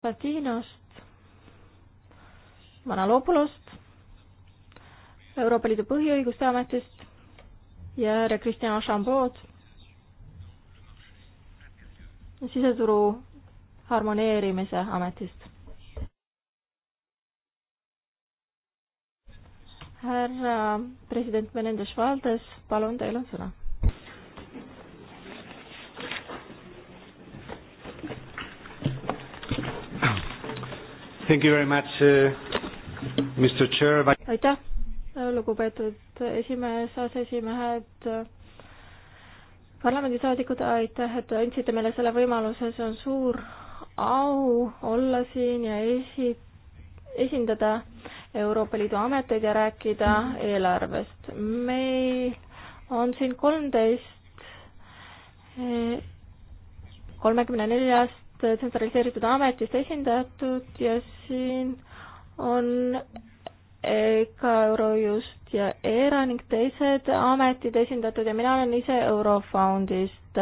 Platinost, Vanalopulost, Euroopa Liidu põhiõiguste ametist ja härra Kristjan Ošambood, siseturu harmoneerimise ametist. härra president Menendez Valdes, palun, teil on sõna Thank you very much, uh, Mr Chair. aitäh, lugupeetud esimees, aseesimehed, parlamendisaadikud, aitäh, et andsite meile selle võimaluse, see on suur au olla siin ja esi-, esindada Euroopa Liidu ameteid ja rääkida eelarvest. meil on siin kolmteist kolmekümne neljast tsentraliseeritud ametist esindatud ja siin on e ka Eurojust ja ERA ning teised ametid esindatud ja mina olen ise Eurofondist.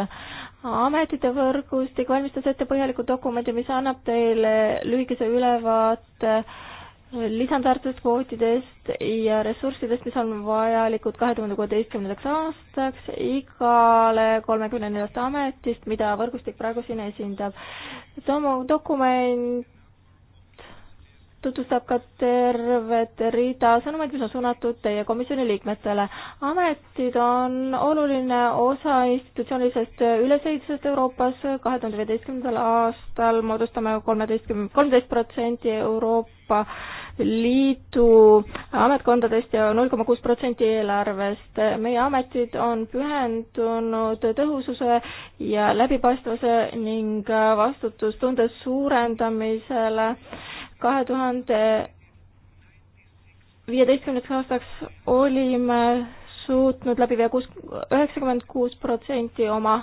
ametite võrgustik valmistas ette põhjaliku dokumendi, mis annab teile lühikese ülevaate äh, lisandväärtust kvootidest ja ressurssidest, mis on vajalikud kahe tuhande kuueteistkümnendaks aastaks igale kolmekümne neljast ametist, mida võrgustik praegu siin esindab. Tomo dokument tutvustab ka tervet rida sõnumeid, mis on suunatud teie komisjoni liikmetele. ametid on oluline osa institutsioonilisest ülesehitusest Euroopas. kahe tuhande viieteistkümnendal aastal moodustame kolmeteistkümne, kolmteist protsenti Euroopa Liidu ametkondadest ja null koma kuus protsenti eelarvest. meie ametid on pühendunud tõhususe ja läbipaistvuse ning vastutustunde suurendamisele kahe tuhande viieteistkümneks aastaks olime suutnud läbi viia kuus, üheksakümmend kuus protsenti oma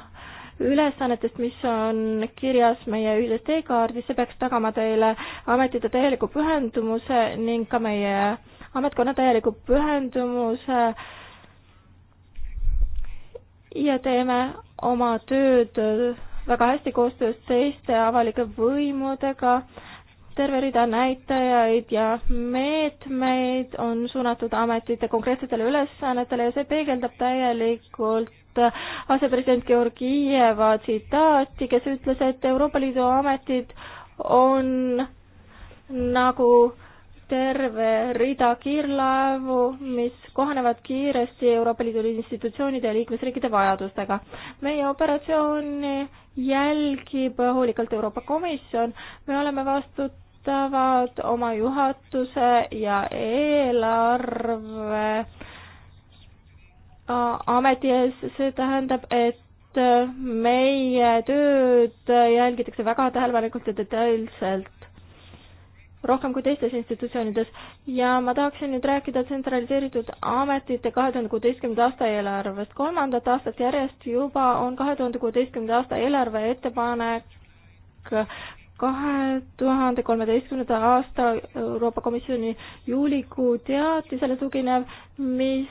ülesannetest, mis on kirjas meie ühises teekaardis, see peaks tagama teile ametite täieliku pühendumuse ning ka meie ametkonna täieliku pühendumuse ja teeme oma tööd väga hästi koostöös teiste avalike võimudega. terve rida näitajaid ja meetmeid on suunatud ametite konkreetsetele ülesannetele ja see peegeldab täielikult poolt asepresident Georgieva tsitaati, kes ütles, et Euroopa Liidu ametid on nagu terve rida kiirlaevu, mis kohanevad kiiresti Euroopa Liidu institutsioonide ja liikmesriikide vajadustega. meie operatsiooni jälgib hoolikalt Euroopa Komisjon, me oleme vastutavad oma juhatuse ja eelarve ameti ees, see tähendab, et äh, meie tööd äh, jälgitakse väga tähelepanelikult ja detailselt, rohkem kui teistes institutsioonides ja ma tahaksin nüüd rääkida tsentraliseeritud ametite kahe tuhande kuueteistkümnenda aasta eelarvest. kolmandat aastat järjest juba on kahe tuhande kuueteistkümnenda aasta eelarve ettepanek kahe tuhande kolmeteistkümnenda aasta Euroopa Komisjoni juulikuu teatisele tuginev, mis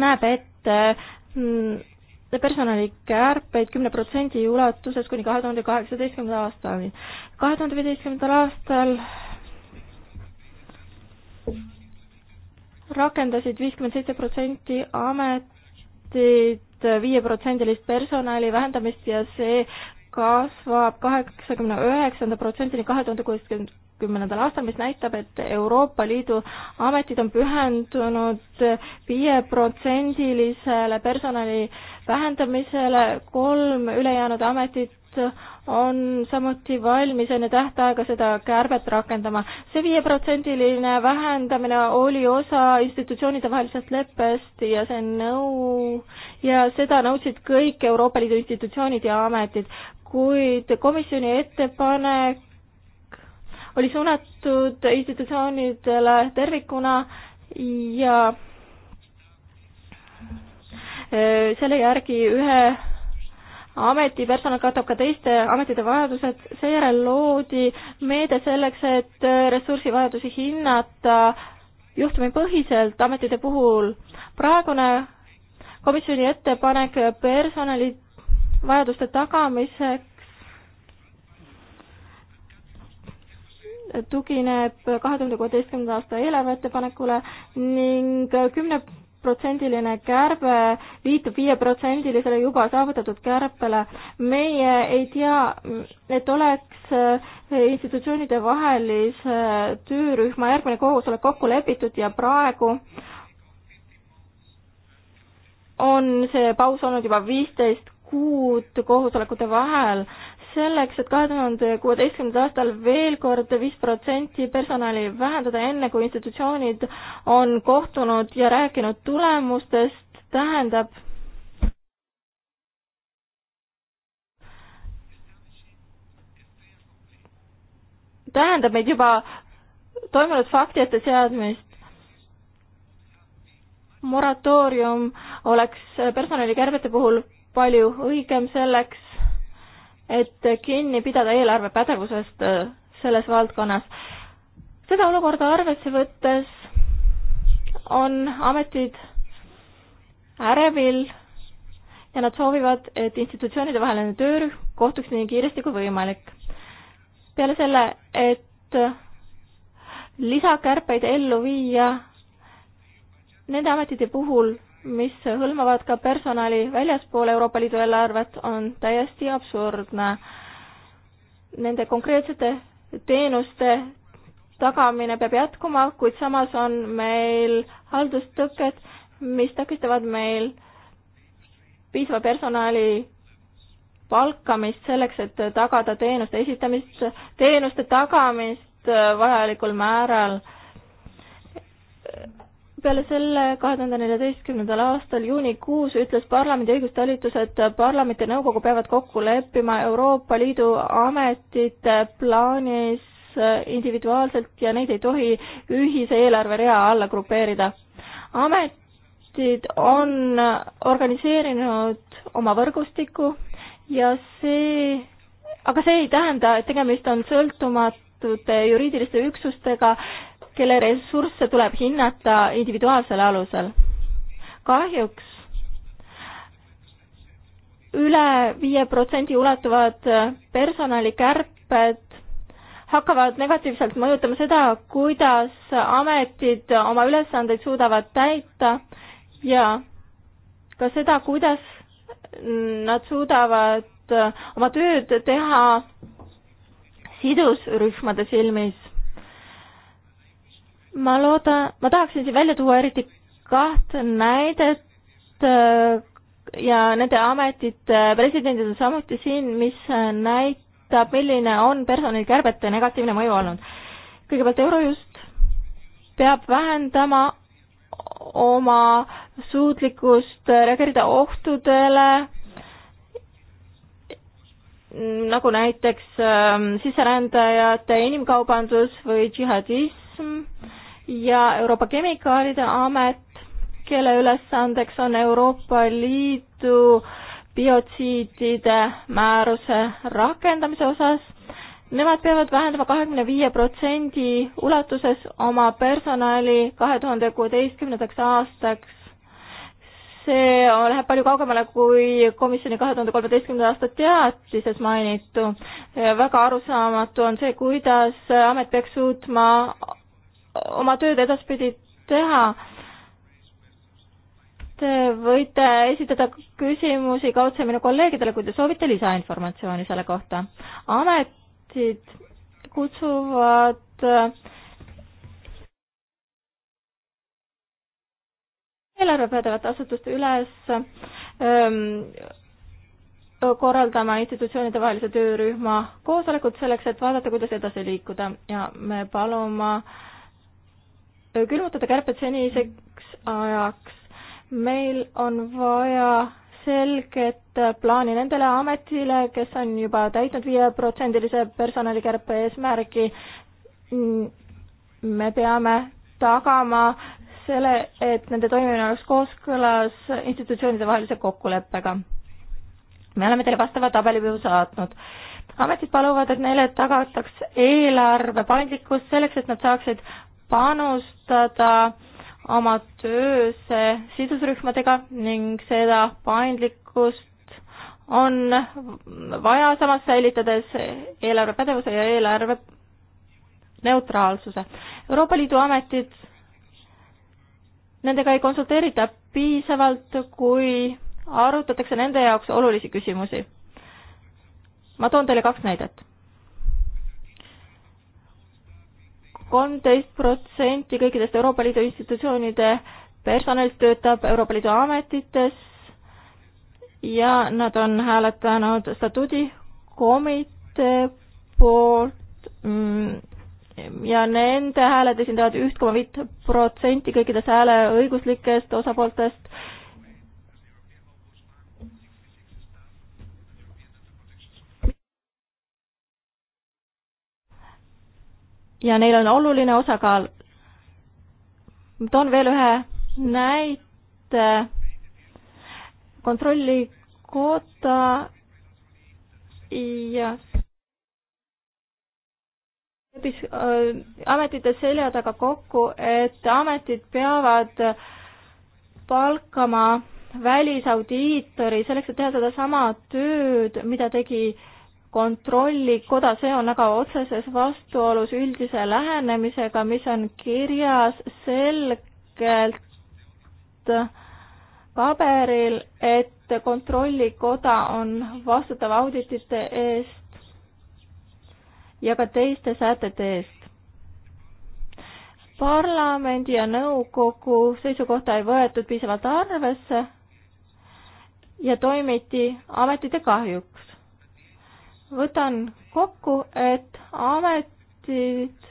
näeb ette äh, personalikärpeid kümne protsendi ulatuses kuni kahe tuhande kaheksateistkümnenda aastani. kahe tuhande viieteistkümnendal aastal rakendasid viiskümmend seitse protsenti ametid viieprotsendilist personali vähendamist ja see kasvab kaheksakümne üheksanda protsendini kahe tuhande kuuekümnendal aastal, mis näitab, et Euroopa Liidu ametid on pühendunud viieprotsendilisele personali vähendamisele, kolm ülejäänud ametit on samuti valmis enne tähtaega seda kärbet rakendama. see viieprotsendiline vähendamine oli osa institutsioonide vahelisest leppest ja see nõu ja seda nõudsid kõik Euroopa Liidu institutsioonid ja ametid, kuid komisjoni ettepanek oli suunatud institutsioonidele tervikuna ja äh, selle järgi ühe ametipersonal katab ka teiste ametite vajadused, seejärel loodi meede selleks, et ressursivajadusi hinnata juhtumipõhiselt ametite puhul. praegune komisjoni ettepanek personali vajaduste tagamiseks tugineb kahe tuhande kuueteistkümnenda aasta eelarve ettepanekule ning kümne viieprotsendiline kärbe viitab viieprotsendilisele juba saavutatud kärpele. meie ei tea, et oleks äh, institutsioonide vahelise äh, töörühma järgmine koosolek kokku lepitud ja praegu on see paus olnud juba viisteist kuud koosolekute vahel selleks, et kahe tuhande kuueteistkümnendal aastal veel kord viis protsenti personali vähendada, enne kui institutsioonid on kohtunud ja rääkinud tulemustest, tähendab tähendab meid juba toimunud faktide seadmist. moratoorium oleks personalikärbete puhul palju õigem selleks, et kinni pidada eelarvepädevusest äh, selles valdkonnas. seda olukorda arvesse võttes on ametid ärevil ja nad soovivad, et institutsioonide vaheline töörühm kohtuks nii kiiresti kui võimalik. peale selle, et lisakärpeid ellu viia nende ametite puhul, mis hõlmavad ka personali väljaspool Euroopa Liidu eelarvet, on täiesti absurdne. Nende konkreetsete teenuste tagamine peab jätkuma, kuid samas on meil haldustõkked, mis takistavad meil piisava personali palkamist selleks, et tagada teenuste esitamist, teenuste tagamist vajalikul määral peale selle kahe tuhande neljateistkümnendal aastal juunikuus ütles parlamendi õigustalitus, et parlament ja nõukogu peavad kokku leppima Euroopa Liidu ametite plaanis individuaalselt ja neid ei tohi ühise eelarverea alla grupeerida. ametid on organiseerinud oma võrgustiku ja see, aga see ei tähenda, et tegemist on sõltumatute juriidiliste üksustega, kelle ressursse tuleb hinnata individuaalsel alusel. kahjuks üle viie protsendi ulatuvad personalikärped hakkavad negatiivselt mõjutama seda, kuidas ametid oma ülesandeid suudavad täita ja ka seda, kuidas nad suudavad oma tööd teha sidusrühmade silmis ma loodan, ma tahaksin siin välja tuua eriti kahte näidet äh, ja nende ametite presidendid on samuti siin, mis näitab, milline on personalikärbete negatiivne mõju olnud. kõigepealt Eurojust peab vähendama oma suutlikkust reageerida ohtudele, nagu näiteks ähm, sisserändajate inimkaubandus või džihadism ja Euroopa Kemikaalide Amet, kelle ülesandeks on Euroopa Liidu biotsiidide määruse rakendamise osas. Nemad peavad vähendama kahekümne viie protsendi ulatuses oma personali kahe tuhande kuueteistkümnendaks aastaks. see läheb palju kaugemale kui komisjoni kahe tuhande kolmeteistkümnenda aasta teatises mainitu. väga arusaamatu on see, kuidas amet peaks suutma oma tööd edaspidi teha. Te võite esitada küsimusi kaudse minu kolleegidele, kui te soovite lisainformatsiooni selle kohta. ametid kutsuvad äh, eelarve pädevate asutuste üles öö, ähm, korraldama institutsioonide vahelise töörühma koosolekut selleks, et vaadata, kuidas edasi liikuda ja me palume äh, külmutada kärped seniseks ajaks. meil on vaja selget plaani nendele ametile, kes on juba täitnud viieprotsendilise personalikärpe eesmärgi. me peame tagama selle, et nende toimimine oleks kooskõlas institutsioonide vahelise kokkuleppega. me oleme teile vastava tabeli ju saatnud. ametid paluvad, et neile tagataks eelarve paindlikkus selleks, et nad saaksid panustada oma töös sidusrühmadega ning seda paindlikkust on vaja samas säilitades eelarvepädevuse ja eelarve neutraalsuse. Euroopa Liidu ametid, nendega ei konsulteerita piisavalt, kui arutatakse nende jaoks olulisi küsimusi. ma toon teile kaks näidet. kolmteist protsenti kõikidest Euroopa Liidu institutsioonide personalist töötab Euroopa Liidu ametites ja nad on hääletanud statuudikomitee poolt mm, ja nende hääled esindavad üht koma viit protsenti kõikidest hääleõiguslikest osapooltest ja neil on oluline osakaal. toon veel ühe näite. kontrollikoda ja leppis äh, ametite selja taga kokku, et ametid peavad palkama välisaudiitori selleks, et teha sedasama tööd, mida tegi äh, kontrollikoda, see on aga otseses vastuolus üldise lähenemisega, mis on kirjas selgelt paberil, et kontrollikoda on vastutav auditite eest ja ka teiste sätete eest. parlamendi ja nõukogu seisukohta ei võetud piisavalt arvesse ja toimiti ametite kahjuks võtan kokku, et ametid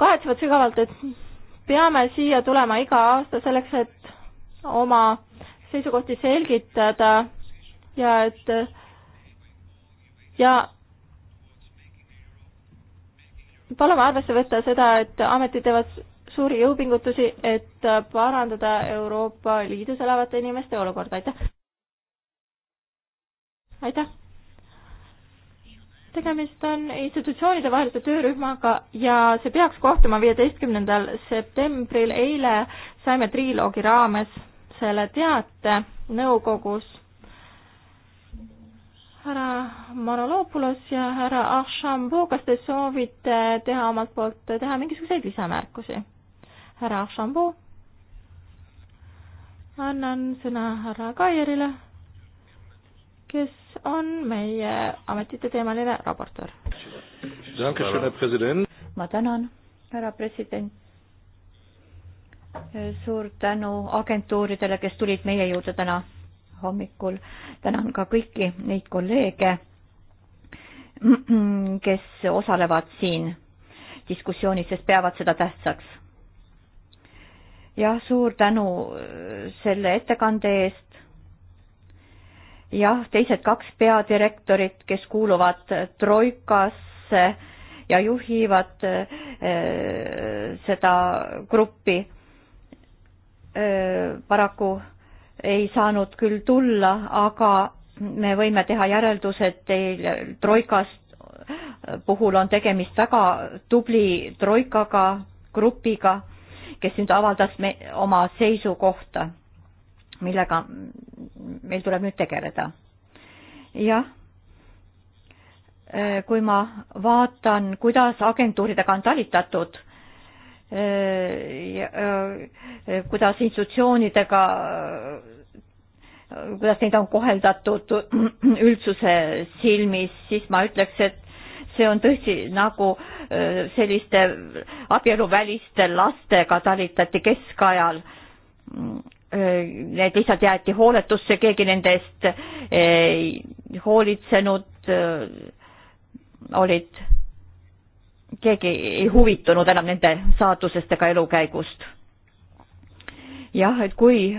kahetsevad sügavalt, et peame siia tulema iga aasta selleks, et oma seisukohti selgitada ja et ja palume arvesse võtta seda, et ametid teevad suuri jõupingutusi, et parandada Euroopa Liidus elavate inimeste olukorda, aitäh! aitäh! tegemist on institutsioonide vahelise töörühmaga ja see peaks kohtuma viieteistkümnendal septembril. eile saime triloogi raames selle teate nõukogus. härra Manoloopulos ja härra Ahšambu, kas te soovite teha omalt poolt, teha mingisuguseid lisamärkusi? härra Ahšambu? annan sõna härra Kairile, kes kes on meie ametite teemaline raportöör. ma tänan, härra president. suur tänu agentuuridele, kes tulid meie juurde täna hommikul. tänan ka kõiki neid kolleege, kes osalevad siin diskussioonis, sest peavad seda tähtsaks. jah, suur tänu selle ettekande eest jah, teised kaks peadirektorit, kes kuuluvad Troikasse ja juhivad äh, seda gruppi, äh, paraku ei saanud küll tulla, aga me võime teha järelduse, et teil Troikast äh, puhul on tegemist väga tubli Troikaga, grupiga, kes nüüd avaldas me, oma seisukohta millega meil tuleb nüüd tegeleda. jah, äh, kui ma vaatan, kuidas agentuuridega on talitatud, äh, äh, kuidas institutsioonidega, kuidas neid on koheldatud üldsuse silmis, siis ma ütleks, et see on tõsi, nagu selliste abieluväliste lastega talitati keskajal mm. Äh, need lihtsalt jäeti hooletusse, keegi nende eest ei äh, hoolitsenud, äh, olid, keegi ei huvitunud enam nende saatusest ega elukäigust. jah, et kui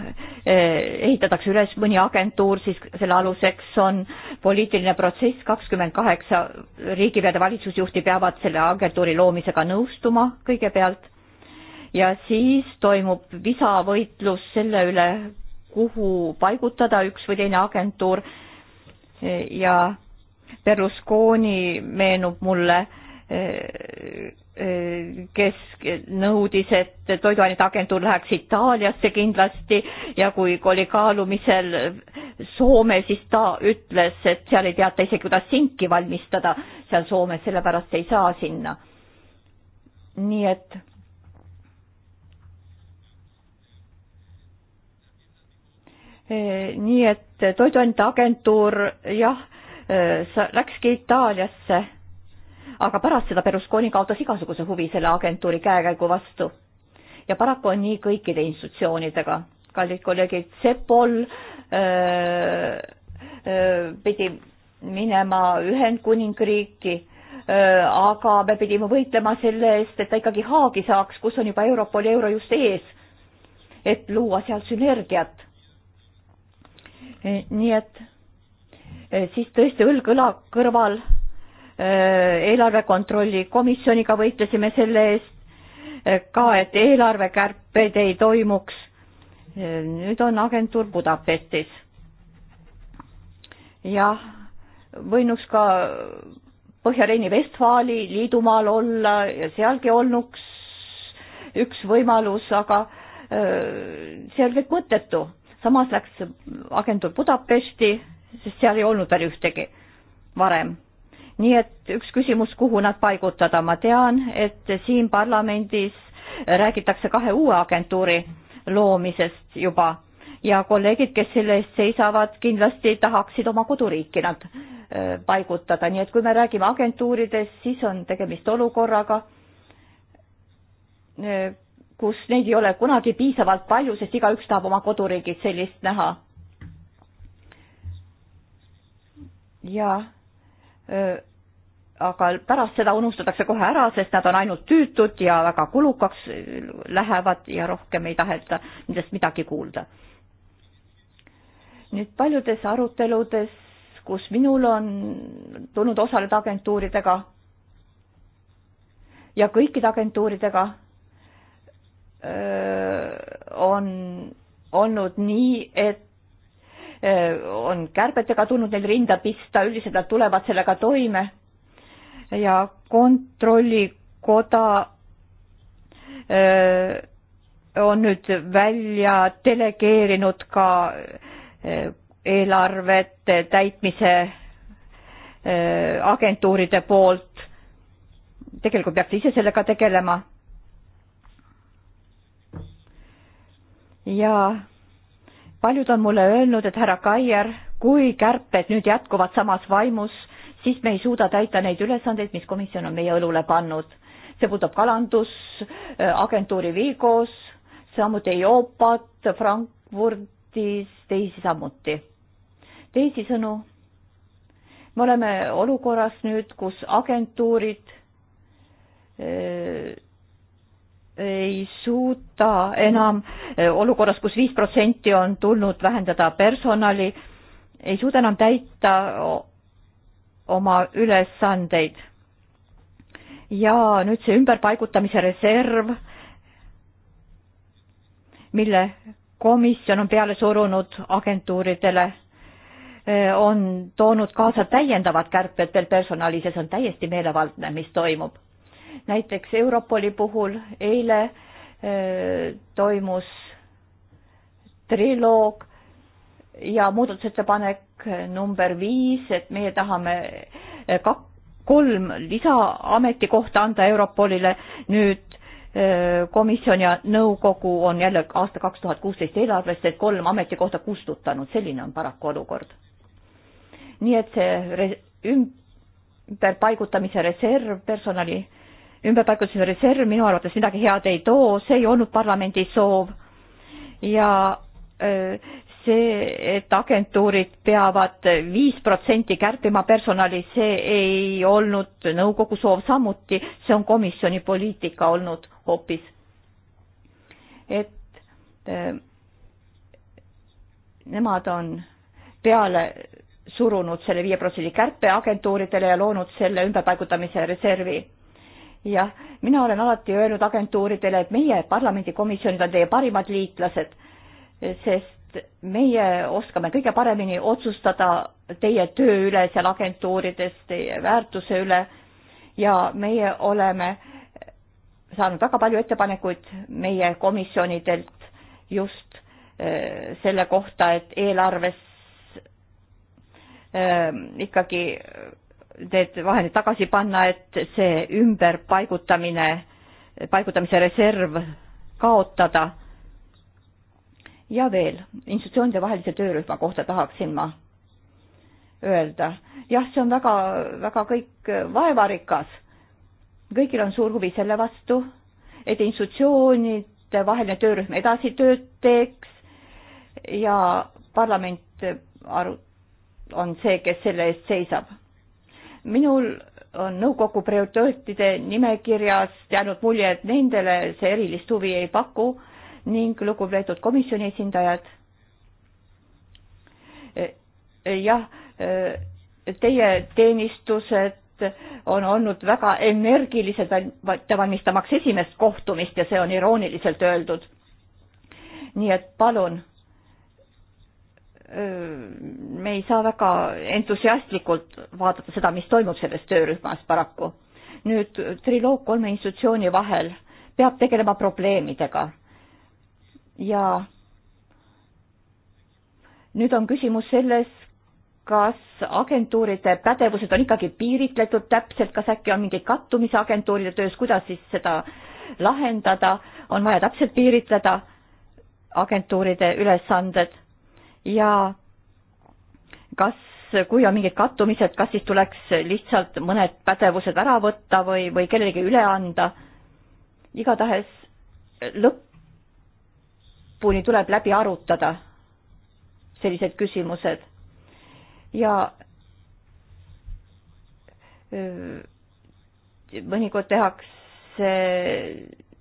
ehitatakse üles mõni agentuur, siis selle aluseks on poliitiline protsess, kakskümmend kaheksa riigipeade valitsusjuhti peavad selle agentuuri loomisega nõustuma kõigepealt ja siis toimub visavõitlus selle üle, kuhu paigutada üks või teine agentuur ja Berlusconi meenub mulle, eh, eh, kes nõudis, et toiduainete agentuur läheks Itaaliasse kindlasti ja kui oli kaalumisel Soome, siis ta ütles, et seal ei teata isegi, kuidas sinki valmistada seal Soomes, sellepärast ei saa sinna. nii et Eh, nii et Toiduainete Agentuur jah, eh, läkski Itaaliasse, aga pärast seda Berlusconi kaotas igasuguse huvi selle agentuuri käekäigu vastu. ja paraku on nii kõikide institutsioonidega, kallid kolleegid, Sepol öö, eh, öö, pidi minema Ühendkuningriiki aga me pidime võitlema selle eest, et ta ikkagi Haagi saaks, kus on juba Europol ja Eurojust ees, et luua seal sünergiat nii et eh, siis tõesti õlg õla kõrval eh, eelarve kontrolli komisjoniga võitlesime selle eest eh, ka, et eelarvekärped ei toimuks. nüüd on agentuur Budapestis. jah, võinuks ka Põhja-Reini-Vestfaali liidumaal olla ja sealgi olnuks üks võimalus, aga see on kõik mõttetu samas läks agentuur Budapesti, sest seal ei olnud veel ühtegi varem. nii et üks küsimus, kuhu nad paigutada, ma tean, et siin parlamendis räägitakse kahe uue agentuuri loomisest juba ja kolleegid, kes selle eest seisavad, kindlasti tahaksid oma koduriiki nad äh, paigutada, nii et kui me räägime agentuuridest, siis on tegemist olukorraga, äh, kus neid ei ole kunagi piisavalt palju, sest igaüks tahab oma koduriigis sellist näha. ja öö, aga pärast seda unustatakse kohe ära, sest nad on ainult tüütud ja väga kulukaks lähevad ja rohkem ei taheta nendest midagi kuulda. nüüd paljudes aruteludes, kus minul on tulnud osaleda agentuuridega ja kõikide agentuuridega on olnud nii, et on kärbetega tulnud neil rinda pista, üldiselt nad tulevad sellega toime ja kontrollikoda on nüüd välja delegeerinud ka eelarvete täitmise agentuuride poolt. tegelikult peaks ise sellega tegelema ja paljud on mulle öelnud, et härra Kaier, kui kärped nüüd jätkuvad samas vaimus, siis me ei suuda täita neid ülesandeid, mis komisjon on meie õlule pannud. see puudutab kalandusagentuuri äh, Vigos, samuti Euroopat, Frankfurdis, teisi samuti. teisisõnu, me oleme olukorras nüüd, kus agentuurid öö, äh, ei suuda enam eh, olukorras kus, kus viis protsenti on tulnud vähendada personali, ei suuda enam täita oma ülesandeid. ja nüüd see ümberpaigutamise reserv, mille komisjon on peale surunud agentuuridele, eh, on toonud kaasa täiendavad kärped veel personalis ja see on täiesti meelevaldne, mis toimub näiteks Europoli puhul eile äh, toimus triloog ja muudatusettepanek number viis, et meie tahame äh, kak-, kolm lisaametikohta anda Europolile, nüüd äh, komisjon ja nõukogu on jälle aasta kaks tuhat kuusteist eelarvest need kolm ametikohta kustutanud, selline on paraku olukord. nii et see re-, ümberpaigutamise reserv personali äh, ümberpaigutuse reserv minu arvates midagi head ei too, see ei olnud parlamendi soov. ja see, et agentuurid peavad viis protsenti kärpima personali, see ei olnud nõukogu soov samuti, see on komisjoni poliitika olnud hoopis. et nemad on peale surunud selle viie protsendi kärpe agentuuridele ja loonud selle ümberpaigutamise reservi jah, mina olen alati öelnud agentuuridele, et meie parlamendikomisjonid on teie parimad liitlased, sest meie oskame kõige paremini otsustada teie töö üle seal agentuurides, teie väärtuse üle ja meie oleme saanud väga palju ettepanekuid meie komisjonidelt just äh, selle kohta, et eelarves äh, ikkagi need vahendid tagasi panna, et see ümberpaigutamine, paigutamise reserv kaotada. ja veel institutsioonide vahelise töörühma kohta tahaksin ma öelda. jah, see on väga, väga kõik vaevarikas. kõigil on suur huvi selle vastu, et institutsioonide vaheline töörühm edasi tööd teeks ja parlament aru-, on see, kes selle eest seisab minul on nõukogu prioriteetide nimekirjast jäänud mulje, et nendele see erilist huvi ei paku ning lugupeetud komisjoni esindajad. Eh, eh, jah, eh, teie teenistused on olnud väga energilised valmistamaks esimest kohtumist ja see on irooniliselt öeldud. nii et palun me ei saa väga entusiastlikult vaadata seda, mis toimub selles töörühmas paraku. nüüd triloog kolme institutsiooni vahel peab tegelema probleemidega. ja nüüd on küsimus selles, kas agentuuride pädevused on ikkagi piiritletud täpselt, kas äkki on mingeid kattumisi agentuuride töös, kuidas siis seda lahendada, on vaja täpselt piiritleda agentuuride ülesanded ja kas, kui on mingid kattumised, kas siis tuleks lihtsalt mõned pädevused ära võtta või, või kellelegi üle anda. igatahes lõpuni tuleb läbi arutada sellised küsimused ja mõnikord tehakse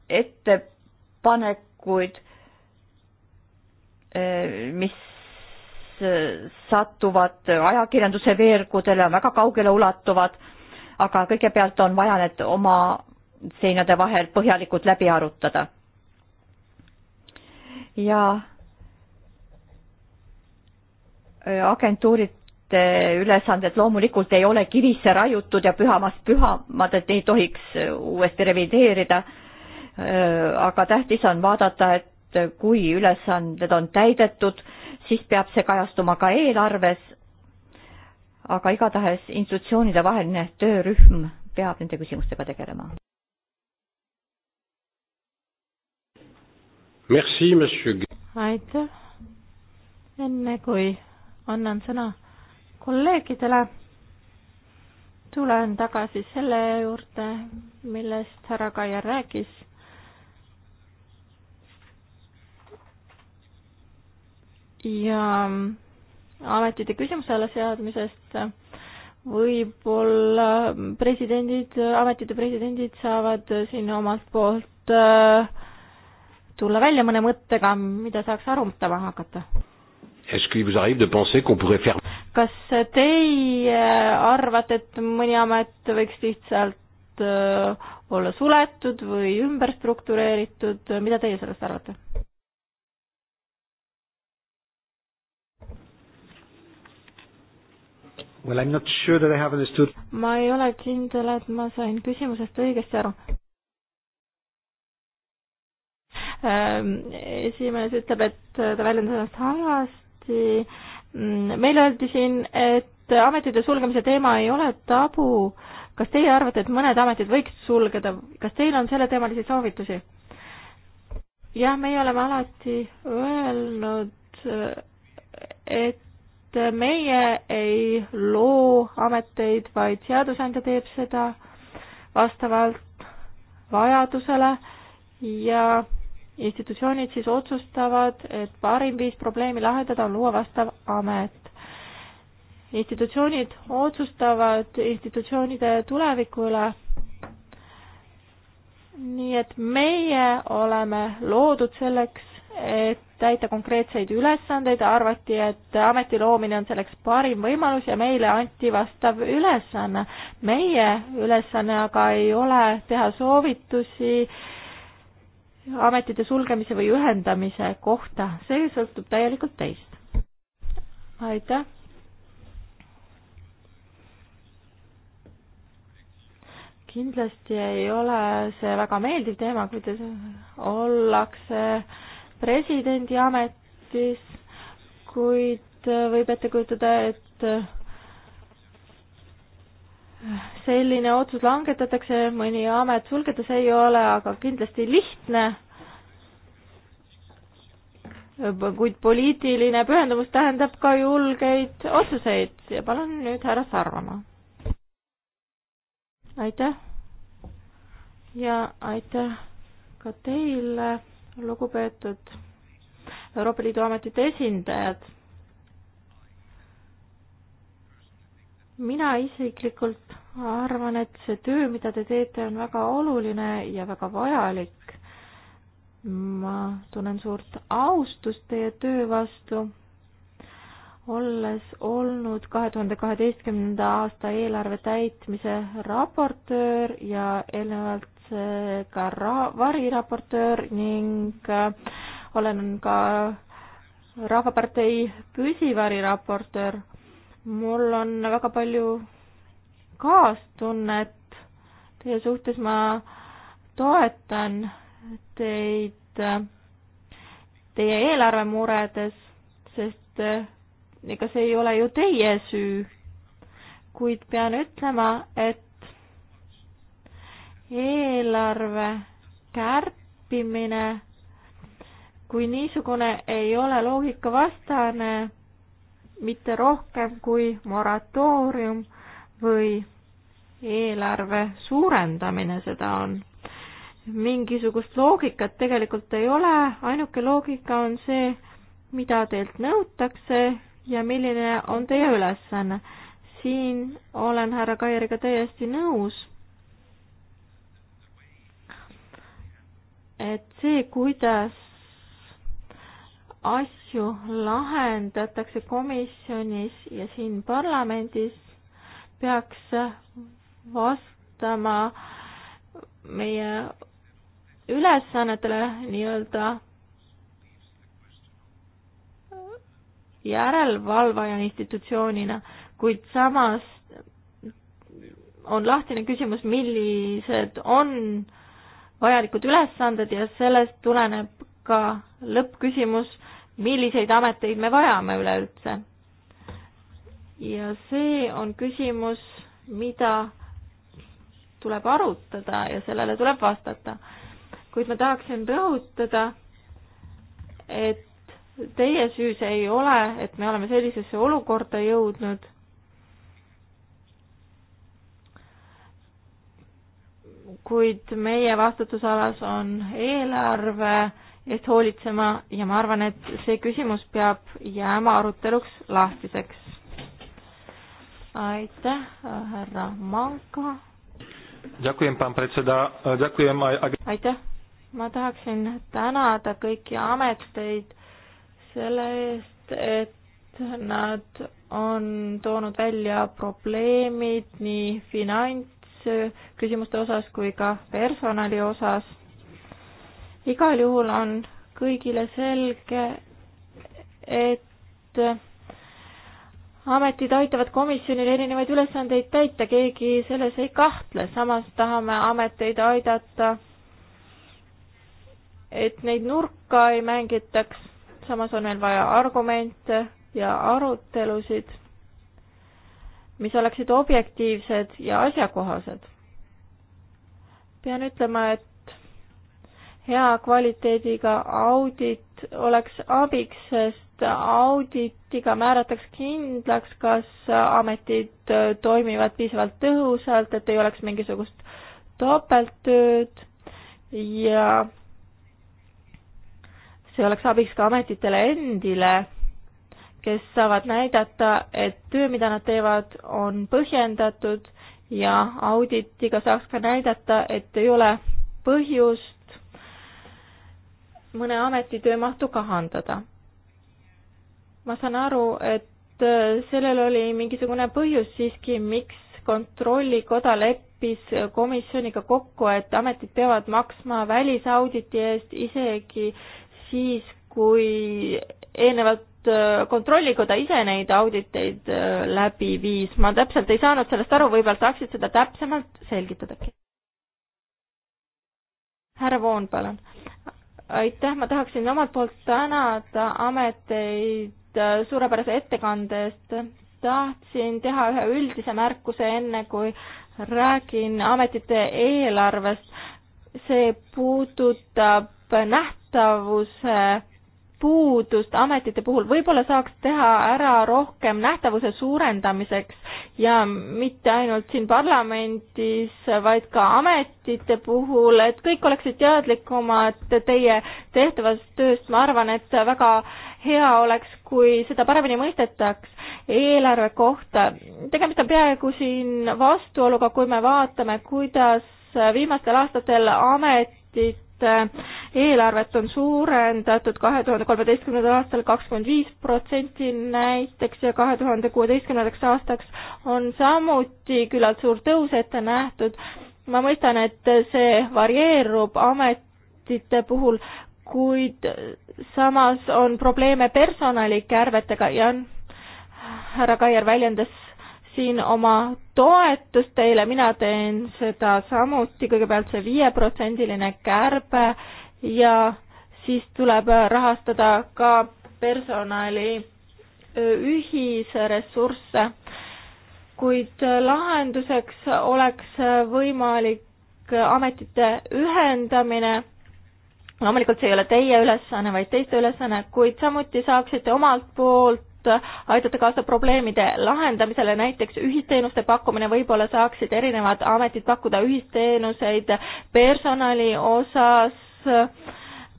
ettepanekuid, mis satuvad ajakirjanduse veergudele, väga kaugele ulatuvad, aga kõigepealt on vaja need oma seinade vahel põhjalikult läbi arutada. ja äh, agentuuride ülesanded loomulikult ei ole kivisse raiutud ja pühamast pühamad, et ei tohiks äh, uuesti revideerida. Äh, aga tähtis on vaadata, et et kui ülesanded on täidetud, siis peab see kajastuma ka eelarves. aga igatahes institutsioonide vaheline töörühm peab nende küsimustega tegelema. aitäh. enne kui annan sõna kolleegidele tulen tagasi selle juurde, millest härra Kaia rääkis. ja ametite küsimuse alla seadmisest. võib-olla presidendid, ametite presidendid saavad siin omalt poolt äh, tulla välja mõne mõttega, mida saaks arutama hakata. kas teie arvate, et mõni amet võiks lihtsalt äh, olla suletud või ümber struktureeritud, mida teie sellest arvate? Well, I'm not sure that I have understood. ma ei ole kindel, et ma sain küsimusest õigesti aru. Ähm, esimees ütleb, et ta väljendas ennast halvasti. Mm, meile öeldi siin, et ametite sulgemise teema ei ole tabu. kas teie arvate, et mõned ametid võiks sulgeda, kas teil on selleteemalisi soovitusi? jah, meie oleme alati öelnud, et et meie ei loo ameteid, vaid seadusandja teeb seda vastavalt vajadusele ja institutsioonid siis otsustavad, et parim viis probleemi lahendada on luua vastav amet. institutsioonid otsustavad institutsioonide tuleviku üle. nii et meie oleme loodud selleks, et täita konkreetseid ülesandeid, arvati, et ameti loomine on selleks parim võimalus ja meile anti vastav ülesanne. meie ülesanne aga ei ole teha soovitusi ametite sulgemise või ühendamise kohta, see sõltub täielikult teist. aitäh. kindlasti ei ole see väga meeldiv teema, kuidas ollakse äh, presidendi ametis, kuid äh, võib ette kujutada, et äh, selline otsus langetatakse, mõni amet sulgeda, see ei ole aga kindlasti lihtne. kuid poliitiline pühendumus tähendab ka julgeid otsuseid ja palun nüüd härra Sarvamaa. aitäh ja aitäh ka teile lugupeetud Euroopa Liidu ametite esindajad. mina isiklikult arvan, et see töö, mida te teete, on väga oluline ja väga vajalik. ma tunnen suurt austust teie töö vastu olles olnud kahe tuhande kaheteistkümnenda aasta eelarve täitmise raportöör ja eelnevalt ka ra-, variraportöör ning äh, olen ka Rahvapartei püsivariraportöör. mul on väga palju kaastunnet teie suhtes, ma toetan teid äh, teie eelarvemuredes, sest äh, ega see ei ole ju teie süü. kuid pean ütlema, et eelarve kärpimine kui niisugune ei ole loogikavastane mitte rohkem kui moratoorium või eelarve suurendamine seda on. mingisugust loogikat tegelikult ei ole, ainuke loogika on see, mida teilt nõutakse ja milline on teie ülesanne. siin olen härra Kairiga täiesti nõus et see, kuidas asju lahendatakse komisjonis ja siin parlamendis, peaks vastama meie ülesannetele nii-öelda järelevalvaja institutsioonina, kuid samas on lahtine küsimus, millised on äh, vajalikud ülesanded ja sellest tuleneb ka lõppküsimus, milliseid ameteid me vajame üleüldse. ja see on küsimus, mida tuleb arutada ja sellele tuleb vastata. kuid ma tahaksin rõhutada, et teie süü see ei ole, et me oleme sellisesse olukorda jõudnud kuid meie vastutusalas on eelarve eest hoolitsema ja ma arvan, et see küsimus peab jääma aruteluks lahtiseks. aitäh, härra Manka. aitäh, ma tahaksin tänada kõiki ameteid selle eest, et nad on toonud välja probleemid nii finants terviseküsimuste osas kui ka personali osas. igal juhul on kõigile selge, et ametid aitavad komisjonil erinevaid ülesandeid täita, keegi selles ei kahtle, samas tahame ameteid aidata, et neid nurka ei mängitaks, samas on meil vaja argumente ja arutelusid mis oleksid objektiivsed ja asjakohased. pean ütlema, et hea kvaliteediga audit oleks abiks, sest auditiga määrataks kindlaks, kas ametid toimivad piisavalt tõhusalt, et ei oleks mingisugust topelttööd ja see oleks abiks ka ametitele endile kes saavad näidata, et töö, mida nad teevad, on põhjendatud ja auditiga saaks ka näidata, et ei ole põhjust mõne ameti töömahtu kahandada. ma saan aru, et sellel oli mingisugune põhjus siiski, miks kontrollikoda leppis komisjoniga kokku, et ametid peavad maksma välisauditi eest isegi siis, kui eelnevalt Äh, kontrollikoda ise neid auditeid äh, läbi viis, ma täpselt ei saanud sellest aru, võib-olla saaksid seda täpsemalt selgitada. härra Voon, palun. aitäh, ma tahaksin omalt poolt tänada ameteid äh, suurepärase ettekande eest. tahtsin teha ühe üldise märkuse, enne kui räägin ametite eelarvest. see puudutab nähtavuse puudust ametite puhul, võib-olla saaks teha ära rohkem nähtavuse suurendamiseks ja mitte ainult siin parlamendis, vaid ka ametite puhul, et kõik oleksid teadlikumad teie tehtavast tööst, ma arvan, et väga hea oleks, kui seda paremini mõistetaks eelarve kohta. tegemist on peaaegu siin vastuoluga, kui me vaatame, kuidas viimastel aastatel ametid et eh, eelarvet on suurendatud kahe tuhande kolmeteistkümnendal aastal kakskümmend viis protsenti näiteks ja kahe tuhande kuueteistkümnendaks aastaks on samuti küllalt suur tõus ette nähtud. ma mõistan, et see varieerub ametite puhul, kuid samas on probleeme personalikärbetega ja härra Kaier väljendas siin oma toetust teile, mina teen seda samuti, kõigepealt see viieprotsendiline kärbe ja siis tuleb rahastada ka personali ühisressursse, kuid lahenduseks oleks võimalik ametite ühendamine loomulikult see ei ole teie ülesanne, vaid teiste ülesanne, kuid samuti saaksite omalt poolt saanud aidata kaasa probleemide lahendamisele, näiteks ühisteenuste pakkumine, võib-olla saaksid erinevad ametid pakkuda ühisteenuseid personali osas,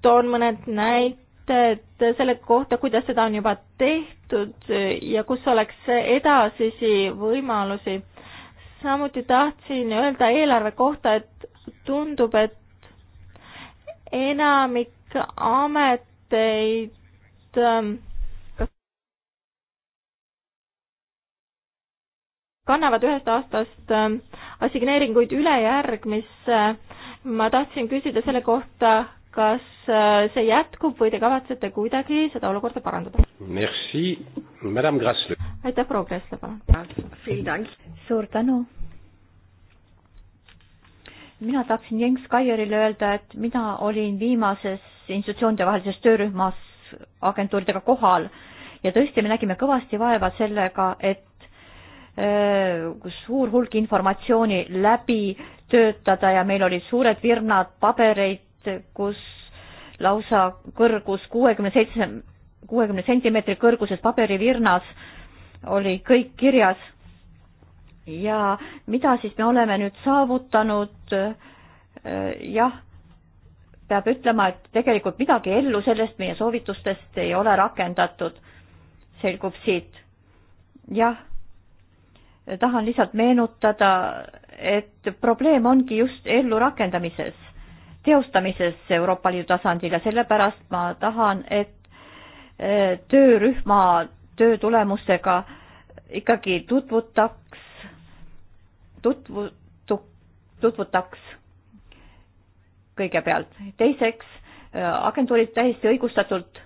toon mõned näited selle kohta, kuidas seda on juba tehtud ja kus oleks edasisi võimalusi. samuti tahtsin öelda eelarve kohta, et tundub, et enamik ameteid ähm, kannavad ühest aastast ähm, assigneeringuid üle järgmisse. ma tahtsin küsida selle kohta, kas äh, see jätkub või te kavatsete kuidagi seda olukorda parandada? Merci, madame Grassle. aitäh, proua Grassle, palun. Ah, suur tänu. mina tahtsin Jens Kaierile öelda, et mina olin viimases institutsioonide vahelises töörühmas agentuuridega kohal ja tõesti, me nägime kõvasti vaeva sellega, et Äh, suur hulk informatsiooni läbi töötada ja meil olid suured virnad pabereid, kus lausa kõrgus kuuekümne seitse, kuuekümne sentimeetri kõrguses paberivirnas oli kõik kirjas. ja mida siis me oleme nüüd saavutanud? Äh, jah, peab ütlema, et tegelikult midagi ellu sellest meie soovitustest ei ole rakendatud, selgub siit. jah tahan lihtsalt meenutada, et probleem ongi just ellurakendamises, teostamises Euroopa Liidu tasandil ja sellepärast ma tahan, et eh, töörühma töö tulemustega ikkagi tutvutaks, tutvu-, tutvutaks kõigepealt. teiseks, eh, agentuurid täiesti õigustatult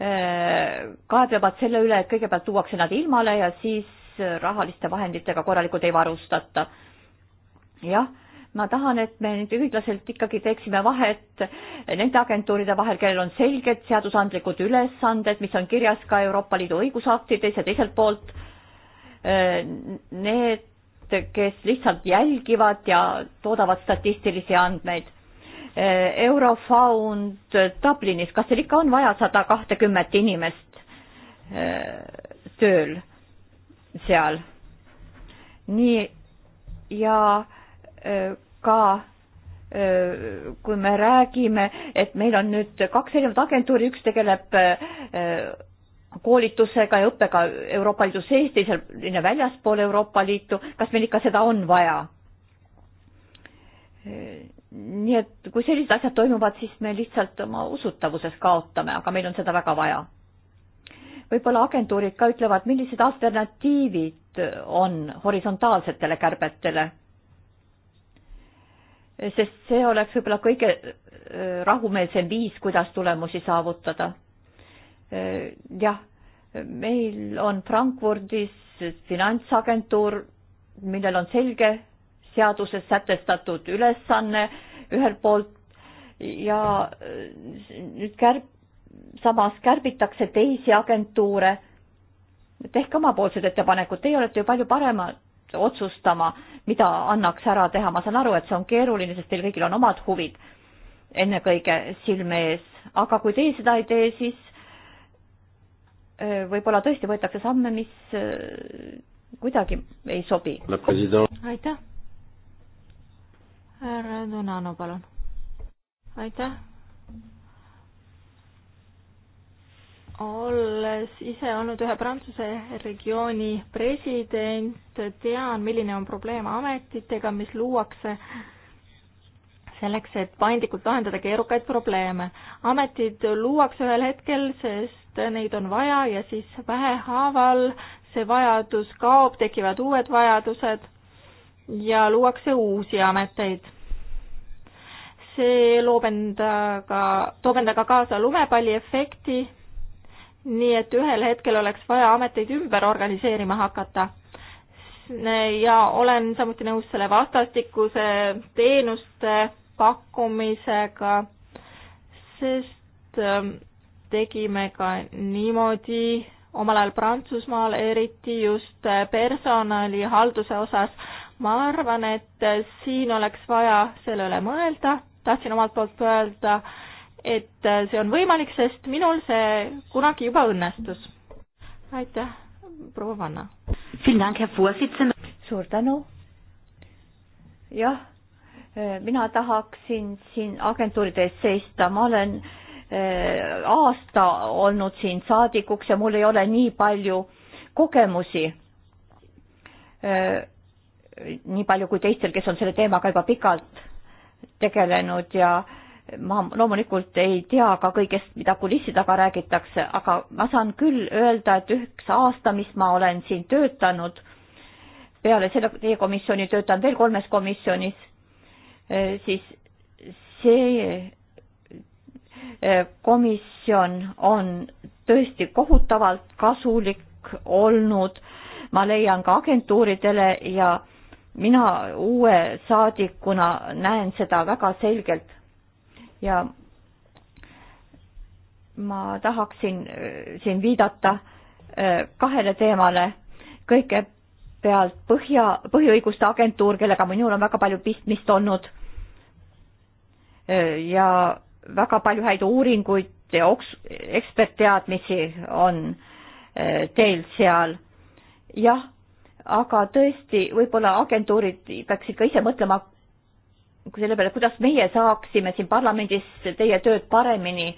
eh, kaebevad selle üle, et kõigepealt tuuakse nad ilmale ja siis rahaliste vahenditega korralikult ei varustata. jah, ma tahan, et me nüüd õiglaselt ikkagi teeksime vahet nende agentuuride vahel, kellel on selged seadusandlikud ülesanded, mis on kirjas ka Euroopa Liidu õigusaktides ja teiselt poolt eh, need, kes lihtsalt jälgivad ja toodavad statistilisi andmeid eh, Eurofound Dublinis, kas teil ikka on vaja sada kahtekümmet inimest öö, eh, tööl? seal. nii ja ka kui me räägime, et meil on nüüd kaks erinevat agentuuri, üks tegeleb koolitusega ja õppega Euroopa Liidu sees, teisel väljaspool Euroopa Liitu, kas meil ikka seda on vaja? nii et kui sellised asjad toimuvad, siis me lihtsalt oma usutavuses kaotame, aga meil on seda väga vaja võib-olla agentuurid ka ütlevad, millised alternatiivid on horisontaalsetele kärbetele. sest see oleks võib-olla kõige äh, rahumeelsem viis, kuidas tulemusi saavutada. Äh, jah, meil on Frankfurdis finantsagentuur, millel on selge seaduses sätestatud ülesanne ühelt poolt ja äh, nüüd kärp-, samas kärbitakse teisi agentuure. tehke omapoolsed ettepanekud, teie olete ju palju paremad otsustama, mida annaks ära teha, ma saan aru, et see on keeruline, sest teil kõigil on omad huvid ennekõike silme ees, aga kui teie seda ei tee, siis äh, võib-olla tõesti võetakse samme, mis äh, kuidagi ei sobi. aitäh. härra Donano, palun. aitäh olles ise olnud ühe Prantsuse regiooni president, tean, milline on probleem ametitega, mis luuakse selleks, et paindlikult lahendada keerukaid probleeme. ametid luuakse ühel hetkel, sest neid on vaja ja siis vähehaaval see vajadus kaob, tekivad uued vajadused ja luuakse uusi ameteid. see loob endaga, toob endaga kaasa lumepalliefekti nii et ühel hetkel oleks vaja ameteid ümber organiseerima hakata. ja olen samuti nõus selle vastastikuse teenuste pakkumisega, sest ähm, tegime ka niimoodi omal ajal Prantsusmaal, eriti just äh, personalihalduse osas. ma arvan, et äh, siin oleks vaja selle üle mõelda, tahtsin omalt poolt öelda äh, et äh, see on võimalik, sest minul see kunagi juba õnnestus. aitäh, proua Vanna. suur tänu. jah, äh, mina tahaksin siin agentuuride eest seista, ma olen äh, aasta olnud siin saadikuks ja mul ei ole nii palju kogemusi. nii palju kui teistel, kes on selle teemaga juba pikalt tegelenud ja äh, ma loomulikult ei tea ka kõigest, mida kulissi taga räägitakse, aga ma saan küll öelda, et üheksa aasta, mis ma olen siin töötanud, peale selle teie komisjoni töötan veel kolmes komisjonis, eh, siis see eh, komisjon on tõesti kohutavalt kasulik olnud, ma leian ka agentuuridele ja mina uue saadikuna näen seda väga selgelt ja ma tahaksin äh, siin viidata äh, kahele teemale. kõigepealt Põhja, Põhiõiguste Agentuur, kellega minul on väga palju pistmist olnud äh, ja väga palju häid uuringuid ja oks-, ekspertteadmisi on teil seal. jah, aga tõesti, võib-olla agentuurid peaksid ka ise mõtlema, selle peale, kuidas meie saaksime siin parlamendis teie tööd paremini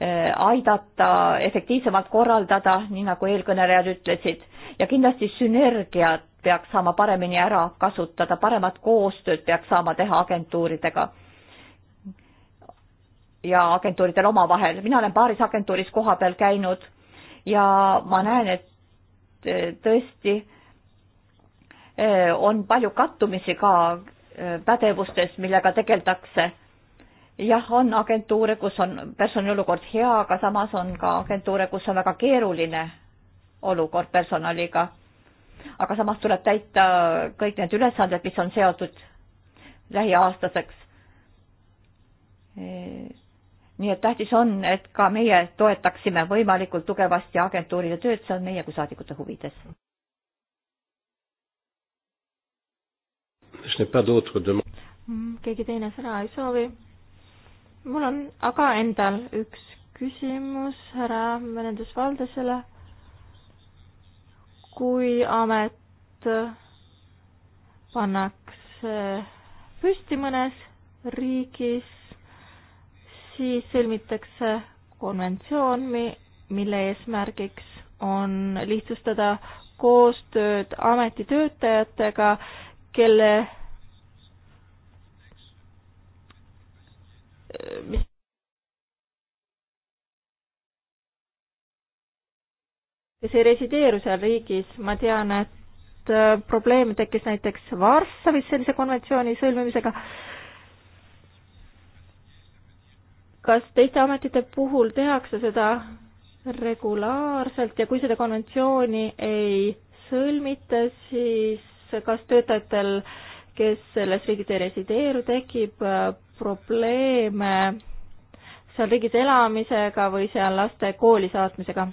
äh, aidata, efektiivsemalt korraldada, nii nagu eelkõnelejad ütlesid, ja kindlasti sünergiat peaks saama paremini ära kasutada, paremat koostööd peaks saama teha agentuuridega. ja agentuuridel omavahel, mina olen paaris agentuuris koha peal käinud ja ma näen, et äh, tõesti äh, on palju kattumisi ka pädevustes, millega tegeldakse. jah, on agentuure, kus on personali olukord hea, aga samas on ka agentuure, kus on väga keeruline olukord personaliga. aga samas tuleb täita kõik need ülesanded, mis on seotud lähiaastaseks. E, nii et tähtis on, et ka meie toetaksime võimalikult tugevasti agentuuride tööd, see on meie kui saadikute huvides. Mm, keegi teine sõna ei soovi? mul on aga endal üks küsimus härra Menendus-Valdasele. kui amet pannakse püsti mõnes riigis, siis sõlmitakse konventsioon, mille eesmärgiks on lihtsustada koostööd ametitöötajatega, kelle mis kes ei resideeru seal riigis, ma tean, et äh, probleem tekkis näiteks Varssavis sellise konventsiooni sõlmimisega. kas teiste ametite puhul tehakse seda regulaarselt ja kui seda konventsiooni ei sõlmita, siis kas töötajatel, kes selles riigis ei resideeru, tekib äh, probleeme seal riigis elamisega või seal laste kooli saatmisega.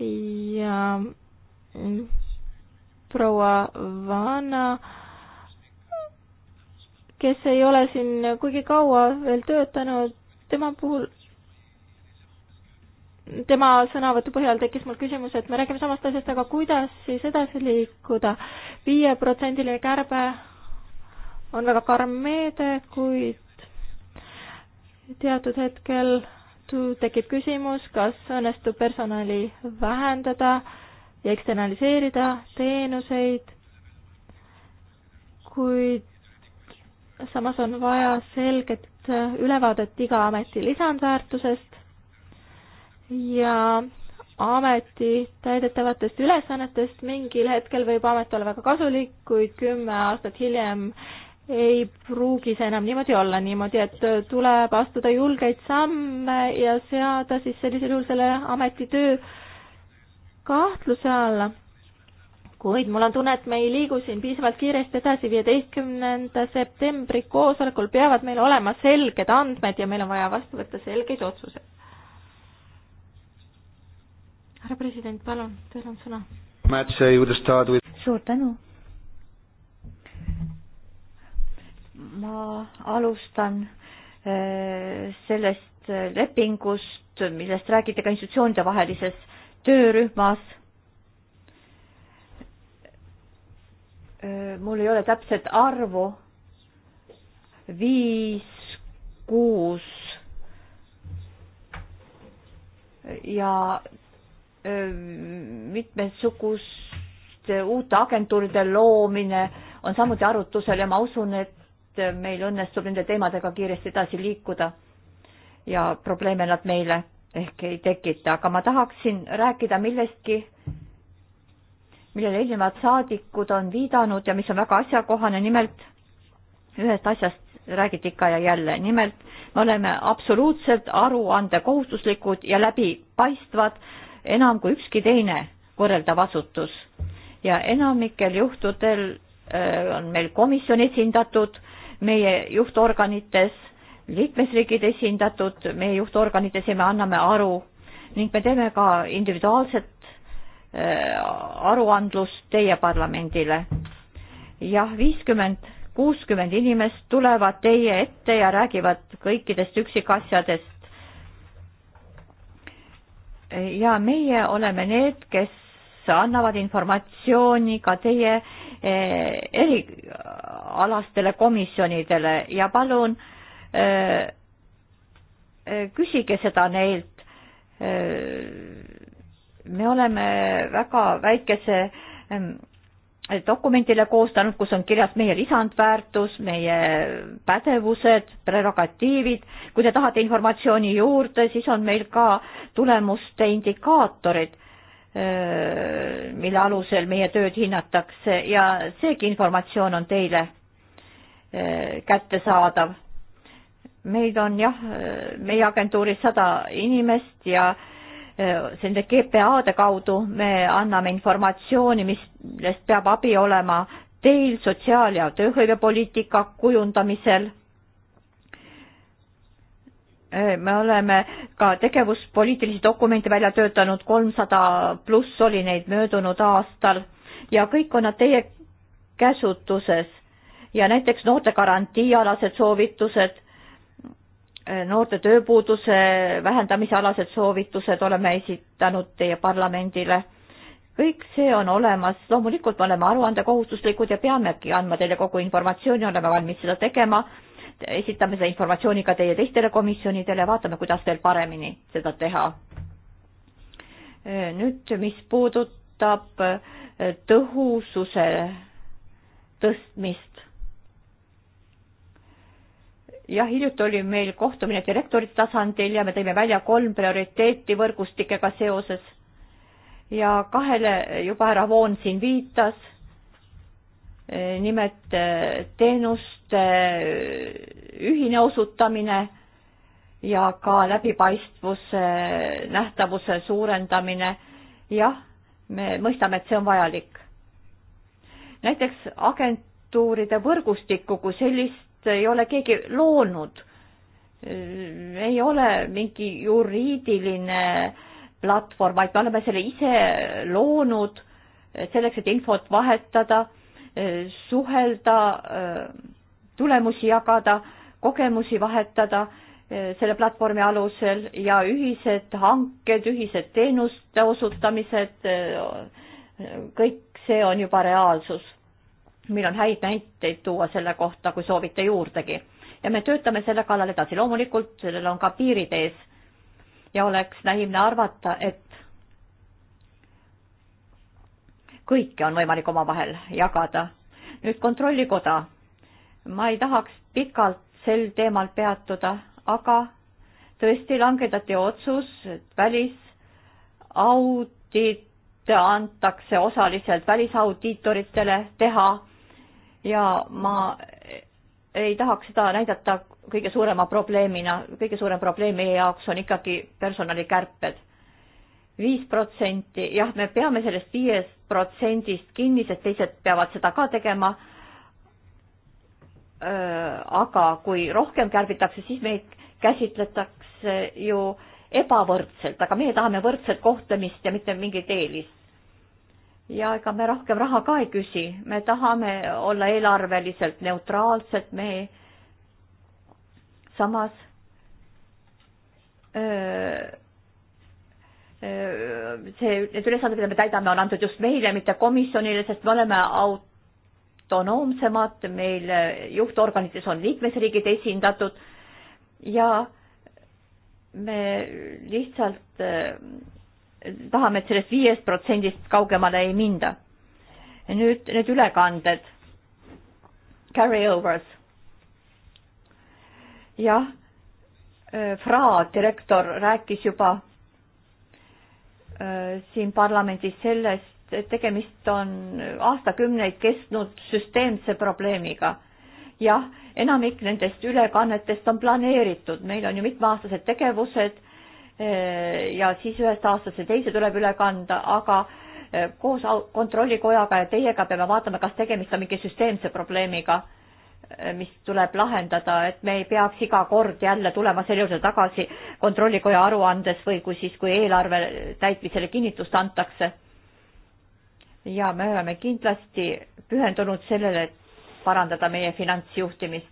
ja mm, proua Vana, kes ei ole siin kuigi kaua veel töötanud, tema puhul tema sõnavõtu põhjal tekkis mul küsimus, et me räägime samast asjast, aga kuidas siis edasi liikuda. viieprotsendiline kärbe on väga karm meede, kuid teatud hetkel tekib küsimus, kas õnnestub personali vähendada ja eksternaliseerida teenuseid, kuid samas on vaja selget ülevaadet iga ameti lisandväärtusest ja ameti täidetavatest ülesannetest, mingil hetkel võib amet olla väga kasulik, kuid kümme aastat hiljem ei pruugi see enam niimoodi olla, niimoodi et tuleb astuda julgeid samme ja seada siis sellisel juhul selle ameti töö kahtluse alla. kuid mul on tunne, et me ei liigu siin piisavalt kiiresti edasi, viieteistkümnenda septembri koosolekul peavad meil olema selged andmed ja meil on vaja vastu võtta selgeid otsuseid. härra president, palun, teil on sõna. suur tänu ma alustan äh, sellest äh, lepingust, millest räägite ka institutsioonide vahelises töörühmas. Äh, mul ei ole täpset arvu, viis, kuus ja mitmesuguste uute agentuuride loomine on samuti arutusel ja ma usun, et et meil õnnestub nende teemadega kiiresti edasi liikuda ja probleeme nad meile ehk ei tekita, aga ma tahaksin rääkida millestki, millele eelnevad saadikud on viidanud ja mis on väga asjakohane, nimelt ühest asjast räägiti ikka ja jälle, nimelt me oleme absoluutselt aruandekohustuslikud ja läbipaistvad enam kui ükski teine võrreldav asutus ja enamikel juhtudel äh, on meil komisjon esindatud meie juhtorganites, liikmesriigid esindatud meie juhtorganites ja me anname aru ning me teeme ka individuaalset äh, aruandlust teie parlamendile. jah, viiskümmend, kuuskümmend inimest tulevad teie ette ja räägivad kõikidest üksikasjadest. ja meie oleme need, kes annavad informatsiooni ka teie eh, erialastele komisjonidele ja palun eh, eh, küsige seda neilt. me oleme väga väikese dokumendile koostanud, kus on kirjas meie lisandväärtus, meie pädevused, prerogatiivid. kui te tahate informatsiooni juurde, siis on meil ka tulemuste indikaatorid mille alusel meie tööd hinnatakse ja seegi informatsioon on teile kättesaadav. meil on jah, meie agentuuris sada inimest ja nende GPA-de kaudu me anname informatsiooni, millest peab abi olema teil sotsiaal- ja tööhõivepoliitika kujundamisel Äh, me oleme ka tegevuspoliitilisi dokumente välja töötanud, kolmsada pluss oli neid möödunud aastal ja kõik on nad teie käsutuses ja näiteks noortegarantiialased soovitused, äh, noorte tööpuuduse vähendamise alased soovitused oleme esitanud teie parlamendile. kõik see on olemas, loomulikult me oleme aruandekohustuslikud ja peamegi andma teile kogu informatsiooni, oleme valmis seda tegema esitame seda informatsiooni ka teie teistele komisjonidele, vaatame, kuidas veel paremini seda teha. nüüd, mis puudutab eh, tõhususe tõstmist. jah, hiljuti oli meil kohtumine direktorite tasandil ja me tõime välja kolm prioriteeti võrgustikega seoses ja kahele juba härra Voon siin viitas nimelt eh, teenuste eh, ühine osutamine ja ka läbipaistvuse, nähtavuse suurendamine. jah, me mõistame, et see on vajalik. näiteks agentuuride võrgustikku kui sellist ei ole keegi loonud. Eh, ei ole mingi juriidiline platvorm, vaid me oleme selle ise loonud selleks, et infot vahetada suhelda, tulemusi jagada, kogemusi vahetada e, selle platvormi alusel ja ühised hanked, ühised teenuste osutamised, e, kõik see on juba reaalsus. meil on häid näiteid tuua selle kohta, kui soovite juurdegi. ja me töötame selle kallal edasi, loomulikult sellel on ka piirid ees ja oleks naiivne arvata, et kõike on võimalik omavahel jagada. nüüd Kontrollikoda. ma ei tahaks pikalt sel teemal peatuda, aga tõesti langetati otsus, et välisaudit antakse osaliselt välisaudiitoritele teha ja ma ei tahaks seda näidata kõige suurema probleemina, kõige suurem probleem meie jaoks on ikkagi personalikärped. viis protsenti, jah, me peame sellest viiest protsendist kinni, sest teised peavad seda ka tegema. aga kui rohkem kärbitakse, siis meid käsitletakse ju ebavõrdselt, aga meie tahame võrdset kohtlemist ja mitte mingit eelist. ja ega me rohkem raha ka ei küsi, me tahame olla eelarveliselt neutraalsed, me samas öö, see, need ülesanded, mida me täidame, on antud just meile, mitte komisjonile, sest me oleme autonoomsemad, meil juhtorganites on liikmesriigid esindatud ja me lihtsalt eh, tahame, et sellest viiest protsendist kaugemale ei minda. nüüd need ülekanded, carry overs. jah, eh, FRA direktor rääkis juba Äh, siin parlamendis sellest, et tegemist on aastakümneid kestnud süsteemse probleemiga. jah, enamik nendest ülekannetest on planeeritud, meil on ju mitmeaastased tegevused äh, ja siis ühest aastasse teise tuleb üle kanda, aga äh, koos kontrollikojaga ja teiega peame vaatama, kas tegemist on mingi süsteemse probleemiga mis tuleb lahendada, et me ei peaks iga kord jälle tulema selle juurde tagasi kontrollikoja aruandes või kui siis, kui eelarve täitmisele kinnitust antakse. ja me oleme kindlasti pühendunud sellele, et parandada meie finantsjuhtimist.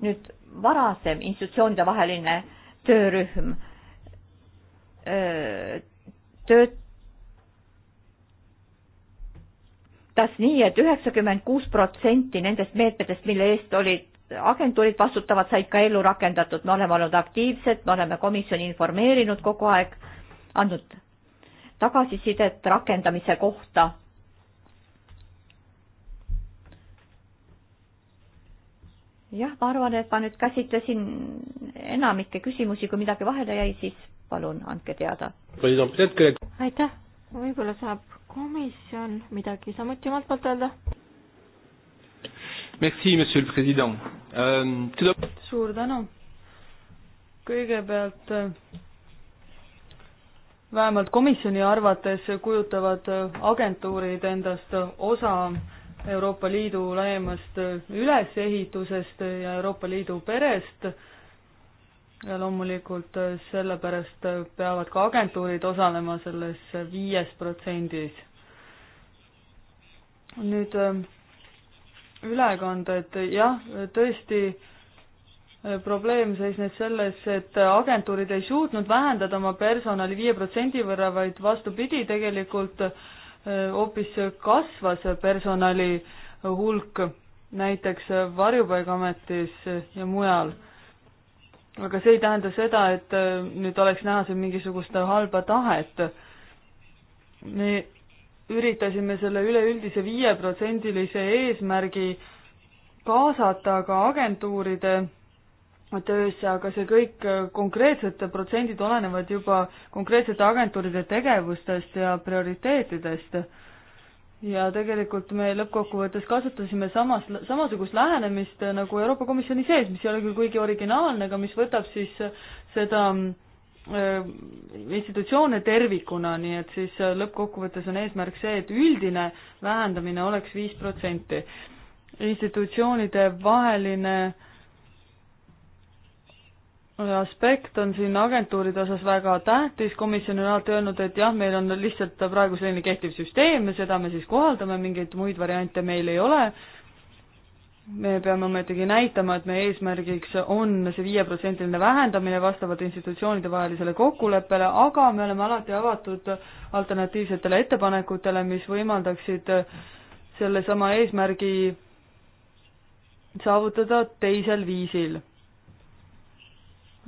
nüüd varasem institutsioonide vaheline töörühm öö, tööt-, töötas nii et, et üheksakümmend kuus protsenti nendest meetmetest, mille eest olid agentuurid vastutavad, said ka ellu rakendatud, me oleme olnud aktiivsed, me oleme komisjoni informeerinud kogu aeg, andnud tagasisidet rakendamise kohta. jah, ma arvan, et ma nüüd käsitlesin enamikke küsimusi, kui midagi vahele jäi, siis palun andke teada. aitäh, võib-olla saab komisjon midagi samuti omalt poolt öelda? Merci, monsieur le president um,. Euh, suur tänu. kõigepealt äh, vähemalt komisjoni arvates kujutavad äh, agentuurid endast äh, osa Euroopa Liidu laiemast ülesehitusest ja Euroopa Liidu perest ja loomulikult äh, sellepärast äh, peavad ka agentuurid osalema selles äh, viies protsendis. nüüd ülekanded, jah, tõesti probleem seisneb selles, et agentuurid ei suutnud vähendada oma personali viie protsendi võrra, vaid vastupidi, tegelikult hoopis kasvas personali hulk näiteks Varjupaigaametis ja mujal aga see ei tähenda seda, et äh, nüüd oleks näha siin mingisugust halba tahet. me üritasime selle üleüldise viieprotsendilise eesmärgi kaasata ka agentuuride töösse, aga see kõik äh, konkreetsed protsendid olenevad juba konkreetsete agentuuride tegevustest ja prioriteetidest ja tegelikult me lõppkokkuvõttes kasutasime samas, samasugust lähenemist nagu Euroopa Komisjoni sees, mis ei ole küll kuigi originaalne, aga mis võtab siis seda äh, institutsioone tervikuna, nii et siis lõppkokkuvõttes on eesmärk see, et üldine vähendamine oleks viis protsenti. institutsioonide vaheline aspekt on siin agentuuride osas väga tähtis, komisjon on alati öelnud, et jah, meil on lihtsalt praegu selline kehtiv süsteem ja seda me siis kohaldame, mingeid muid variante meil ei ole. me peame ometigi näitama, et meie eesmärgiks on see viieprotsendiline vähendamine vastavalt institutsioonide vahelisele kokkuleppele, aga me oleme alati avatud alternatiivsetele ettepanekutele, mis võimaldaksid sellesama eesmärgi saavutada teisel viisil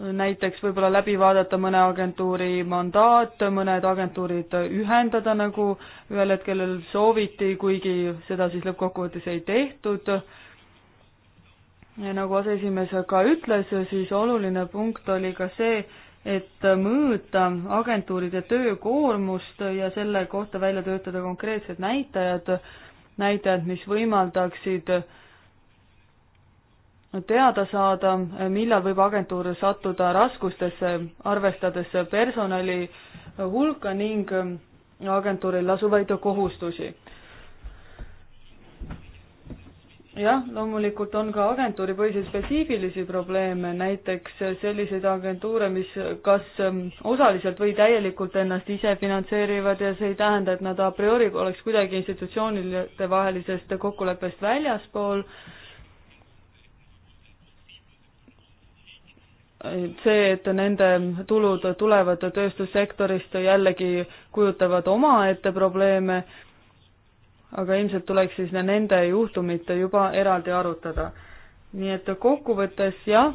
näiteks võib-olla läbi vaadata mõne agentuuri mandaat, mõned agentuurid ühendada, nagu ühel hetkel sooviti, kuigi seda siis lõppkokkuvõttes ei tehtud. ja nagu aseesimees ka ütles, siis oluline punkt oli ka see, et mõõta agentuuride töökoormust ja selle kohta välja töötada konkreetsed näitajad, näitajad, mis võimaldaksid äh, teada saada, millal võib agentuur sattuda raskustesse, arvestades personali hulka ning agentuuril lasuvaid kohustusi. jah, loomulikult on ka agentuuripõhiseid spetsiifilisi probleeme, näiteks selliseid agentuure, mis kas ähm, osaliselt või täielikult ennast ise finantseerivad ja see ei tähenda, et nad a priori oleks kuidagi institutsioonide vahelisest kokkuleppest väljaspool äh,, see, et nende tulud tulevad tööstussektorist, jällegi kujutavad omaette probleeme, aga ilmselt tuleks siis nende juhtumit juba eraldi arutada. nii et kokkuvõttes jah,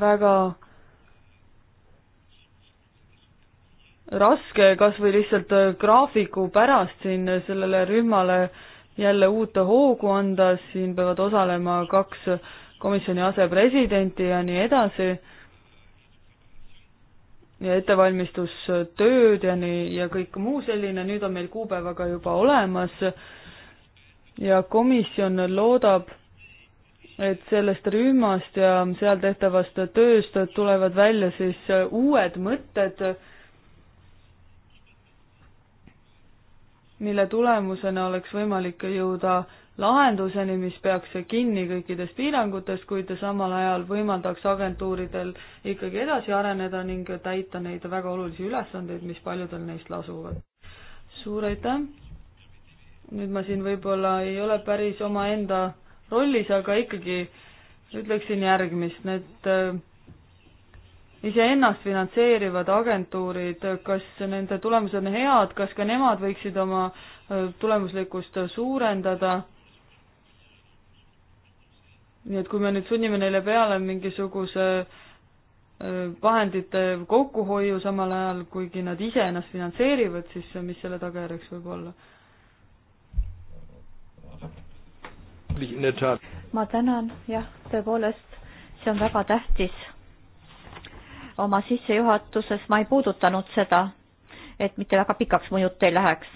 väga raske kas või lihtsalt graafiku pärast siin sellele rühmale jälle uut hoogu anda, siin peavad osalema kaks komisjoni asepresidenti ja nii edasi, ja ettevalmistustööd ja nii, ja kõik muu selline, nüüd on meil kuupäevaga juba olemas ja komisjon loodab, et sellest rühmast ja seal tehtavast tööst tulevad välja siis uued mõtted, mille tulemusena oleks võimalik jõuda lahenduseni, mis peaks kinni kõikidest piirangutest, kuid samal ajal võimaldaks agentuuridel ikkagi edasi areneda ning täita neid väga olulisi ülesandeid, mis paljudel neist lasuvad. suur aitäh! nüüd ma siin võib-olla ei ole päris omaenda rollis, aga ikkagi ütleksin järgmist, need äh, iseennast finantseerivad agentuurid, kas nende tulemused on head, kas ka nemad võiksid oma äh, tulemuslikkust suurendada? nii et kui me nüüd sunnime neile peale mingisuguse äh, vahendite kokkuhoiu samal ajal, kuigi nad ise ennast finantseerivad, siis mis selle tagajärjeks võib olla? ma tänan, jah, tõepoolest, see on väga tähtis. oma sissejuhatuses ma ei puudutanud seda, et mitte väga pikaks mu jutt ei läheks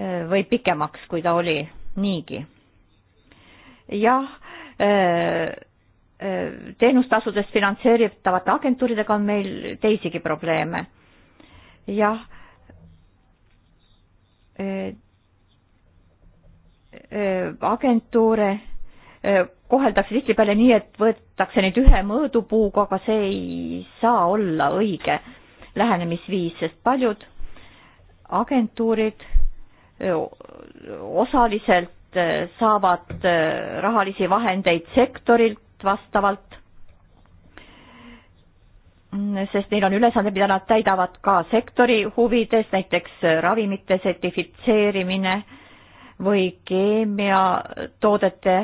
äh, või pikemaks, kui ta oli niigi. jah Äh, äh, teenustasudest finantseeritavate agentuuridega on meil teisigi probleeme. jah. Äh, agentuure koheldakse tihtipeale nii, et võetakse neid ühe mõõdupuuga, aga see ei saa olla õige lähenemisviis, sest paljud agentuurid osaliselt Eh, saavad eh, rahalisi vahendeid sektorilt vastavalt, sest neil on ülesanded, mida nad täidavad ka sektori huvides, näiteks eh, ravimite sertifitseerimine või keemiatoodete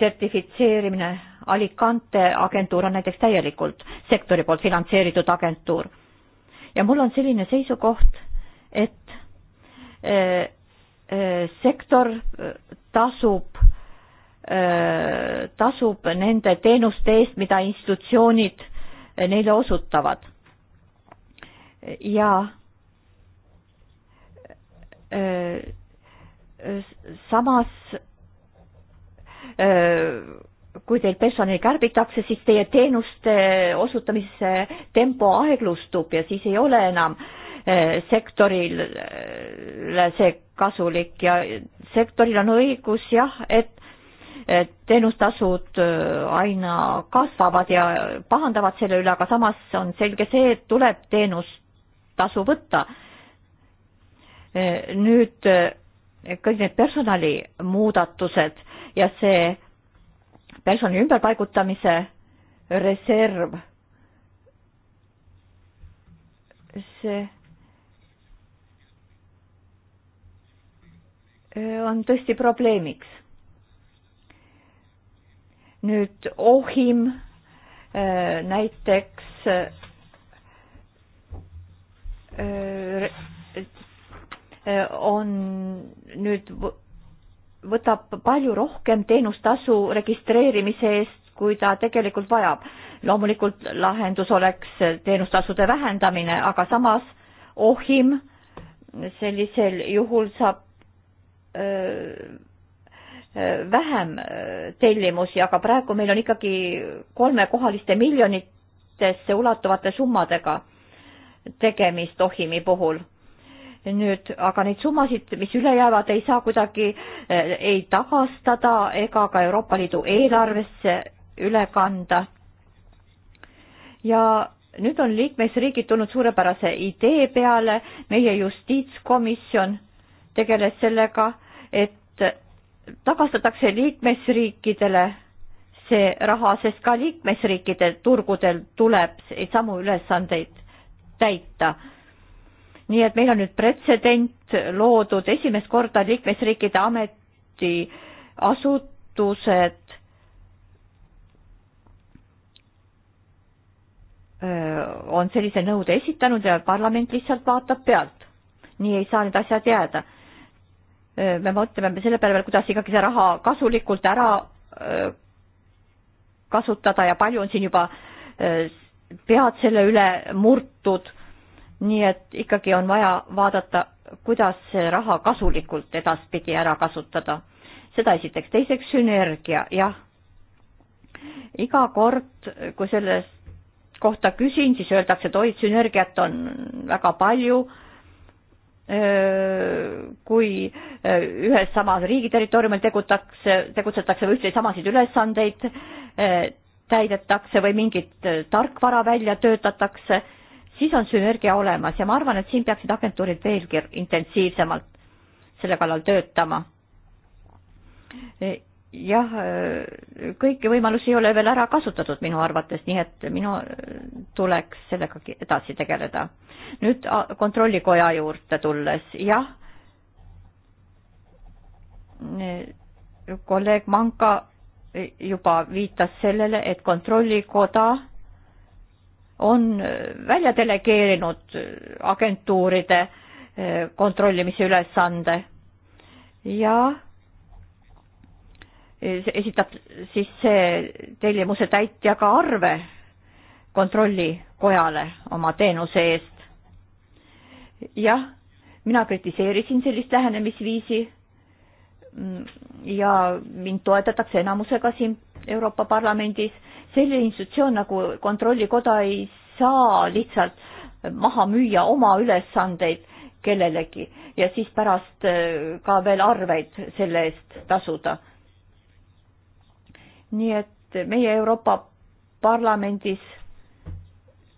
sertifitseerimine. Alicante agentuur on näiteks täielikult sektori poolt finantseeritud agentuur. ja mul on selline seisukoht, et Äh, sektor äh, tasub, äh, tasub nende teenuste eest, mida institutsioonid neile osutavad. ja samas kui teil personali kärbitakse, siis teie teenuste osutamise tempo aeglustub ja siis ei ole enam sektorile see kasulik ja sektoril on õigus jah, et teenustasud äh, aina kasvavad ja pahandavad selle üle, aga samas on selge see, et tuleb teenustasu võtta. Äh, nüüd äh, kõik need personalimuudatused ja see personali ümberpaigutamise reserv, see on tõesti probleemiks. nüüd Ohim äh, näiteks äh, äh, on nüüd, võtab palju rohkem teenustasu registreerimise eest, kui ta tegelikult vajab. loomulikult lahendus oleks teenustasude vähendamine, aga samas Ohim sellisel juhul saab Äh, vähem äh, tellimusi, aga praegu meil on ikkagi kolmekohaliste miljonitesse ulatuvate summadega tegemist Ohimi puhul. nüüd, aga neid summasid, mis üle jäävad, ei saa kuidagi äh, ei tagastada ega ka Euroopa Liidu eelarvesse üle kanda. ja nüüd on liikmesriigid tulnud suurepärase idee peale, meie justiitskomisjon tegeles sellega et tagastatakse liikmesriikidele see raha, sest ka liikmesriikide turgudel tuleb samu ülesandeid täita. nii et meil on nüüd pretsedent loodud, esimest korda liikmesriikide ametiasutused on sellise nõude esitanud ja parlament lihtsalt vaatab pealt. nii ei saa need asjad jääda Äh, me mõtleme selle peale veel, kuidas ikkagi see raha kasulikult ära äh, kasutada ja palju on siin juba äh, pead selle üle murtud. nii et ikkagi on vaja vaadata, kuidas see raha kasulikult edaspidi ära kasutada. seda esiteks, teiseks sünergia, jah. iga kord, kui sellest kohta küsin, siis öeldakse, et oi, sünergiat on väga palju Äh, kui äh, ühes samas riigi territooriumil tegutakse, tegutsetakse või ühteid samasid ülesandeid äh, täidetakse või mingit tarkvara välja töötatakse, siis on sünergia olemas ja ma arvan, et siin peaksid agentuurid veelgi intensiivsemalt selle kallal töötama jah, kõiki võimalusi ei ole veel ära kasutatud minu arvates, nii et minu tuleks sellega edasi tegeleda. nüüd kontrollikoja juurde tulles, jah, kolleeg Manka juba viitas sellele, et kontrollikoda on välja delegeerinud agentuuride kontrollimise ülesande ja esitab siis see tellimuse täitja ka arve kontrollikojale oma teenuse eest. jah, mina kritiseerisin sellist lähenemisviisi ja mind toetatakse enamusega siin Euroopa Parlamendis. selline institutsioon nagu Kontrollikoda ei saa lihtsalt maha müüa oma ülesandeid kellelegi ja siis pärast ka veel arveid selle eest tasuda nii et meie Euroopa Parlamendis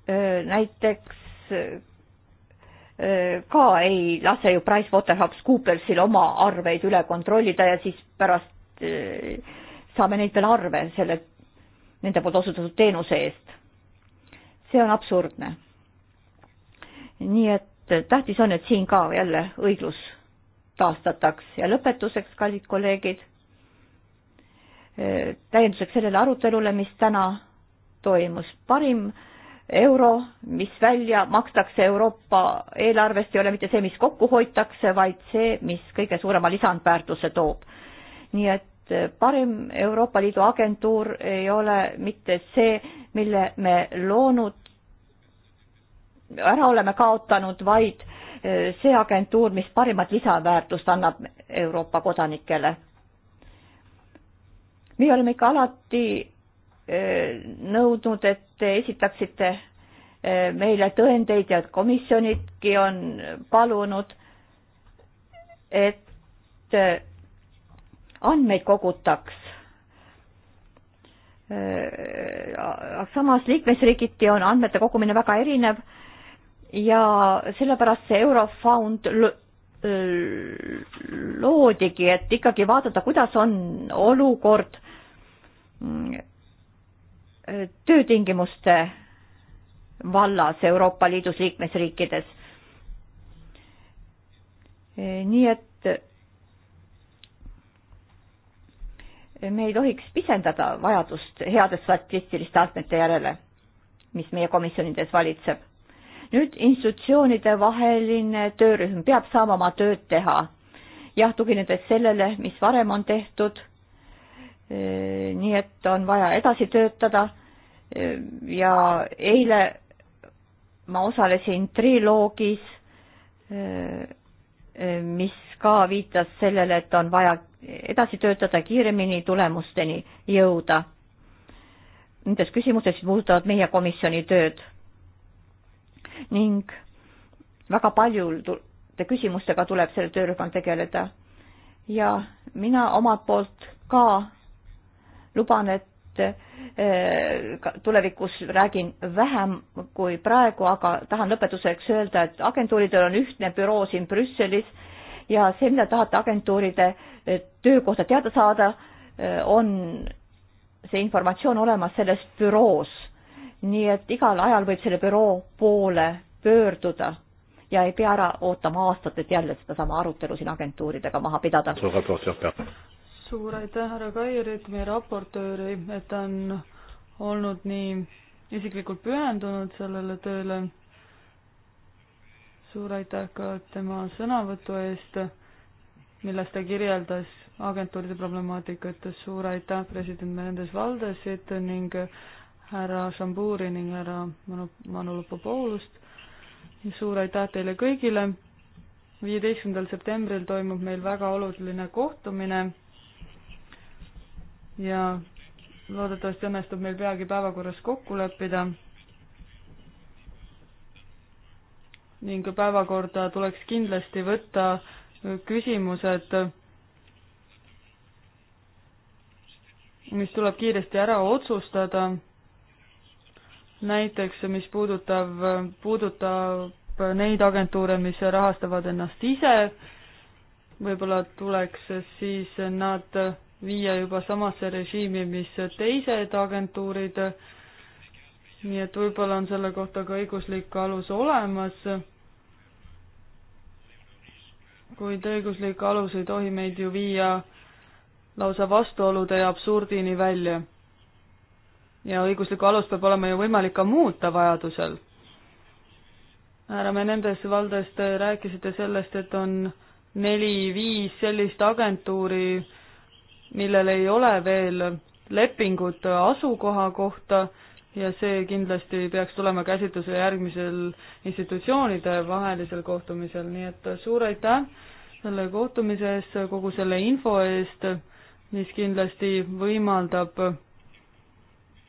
näiteks ka ei lase ju PricewaterhouseCoopersil oma arveid üle kontrollida ja siis pärast saame neid veel arve selle, nende poolt osutatud teenuse eest. see on absurdne. nii et tähtis on, et siin ka jälle õiglus taastataks ja lõpetuseks, kallid kolleegid, täienduseks sellele arutelule, mis täna toimus. parim euro, mis välja makstakse Euroopa eelarvest, ei ole mitte see, mis kokku hoitakse, vaid see, mis kõige suurema lisandväärtuse toob. nii et parim Euroopa Liidu agentuur ei ole mitte see, mille me loonud, ära oleme kaotanud, vaid see agentuur, mis parimat lisaväärtust annab Euroopa kodanikele meie oleme ikka alati eh, nõudnud, et te esitaksite eh, meile tõendeid ja komisjonidki on palunud, et eh, andmeid kogutaks. samas liikmesriigiti on andmete kogumine väga erinev ja sellepärast see Eurofond loodigi, et ikkagi vaadata, kuidas on olukord töötingimuste vallas Euroopa Liidus liikmesriikides. nii et me ei tohiks pisendada vajadust heade statistiliste andmete järele, mis meie komisjonides valitseb. nüüd institutsioonide vaheline töörühm peab saama oma tööd teha, jah, tuginedes sellele, mis varem on tehtud nii et on vaja edasi töötada ja eile ma osalesin triloogis, mis ka viitas sellele, et on vaja edasi töötada, kiiremini tulemusteni jõuda nendes küsimustes, mis puudutavad meie komisjoni tööd. ning väga paljude küsimustega tuleb sellel töörühmal tegeleda. ja mina omalt poolt ka luban, et eh, tulevikus räägin vähem kui praegu, aga tahan lõpetuseks öelda, et agentuuridel on ühtne büroo siin Brüsselis ja see, mida tahate agentuuride eh, töökohta teada saada, eh, on see informatsioon olemas selles büroos. nii et igal ajal võib selle büroo poole pöörduda ja ei pea ära ootama aastat, et jälle sedasama arutelu siin agentuuridega maha pidada suur aitäh härra Kairit, meie raportööri, et ta on olnud nii isiklikult pühendunud sellele tööle. suur aitäh ka tema sõnavõtu eest, milles ta kirjeldas agentuuride problemaatikat. suur aitäh president Menendez Valdesit ning härra Šamburi ning härra Manu, Manu Lupopoulust. suur aitäh teile kõigile. viieteistkümnendal septembril toimub meil väga oluline kohtumine ja loodetavasti õnnestub meil peagi päevakorras kokku leppida. ning päevakorda tuleks kindlasti võtta küsimused, mis tuleb kiiresti ära otsustada. näiteks, mis puudutab, puudutab neid agentuure, mis rahastavad ennast ise, võib-olla tuleks siis nad viia juba samasse režiimi, mis teised agentuurid. nii et võib-olla on selle kohta ka õiguslik alus olemas. kuid õiguslik alus ei tohi meid ju viia lausa vastuolude ja absurdini välja. ja õiguslikku alust peab olema ju võimalik ka muuta vajadusel. härra Menendez Valdes, te rääkisite sellest, et on neli-viis sellist agentuuri, millel ei ole veel lepingut asukoha kohta ja see kindlasti peaks tulema käsitlusele järgmisel institutsioonide vahelisel kohtumisel, nii et suur aitäh selle kohtumise eest, kogu selle info eest, mis kindlasti võimaldab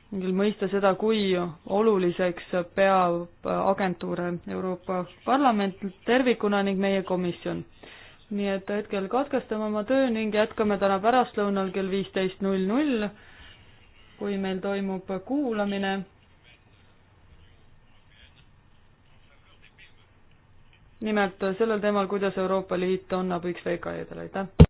küll mõista seda, kui oluliseks peab agentuure Euroopa Parlament tervikuna ning meie komisjon nii et hetkel katkestame oma töö ning jätkame täna pärastlõunal kell viisteist null null, kui meil toimub kuulamine. nimelt sellel teemal, kuidas Euroopa Liit annab üks VKE-dele, aitäh!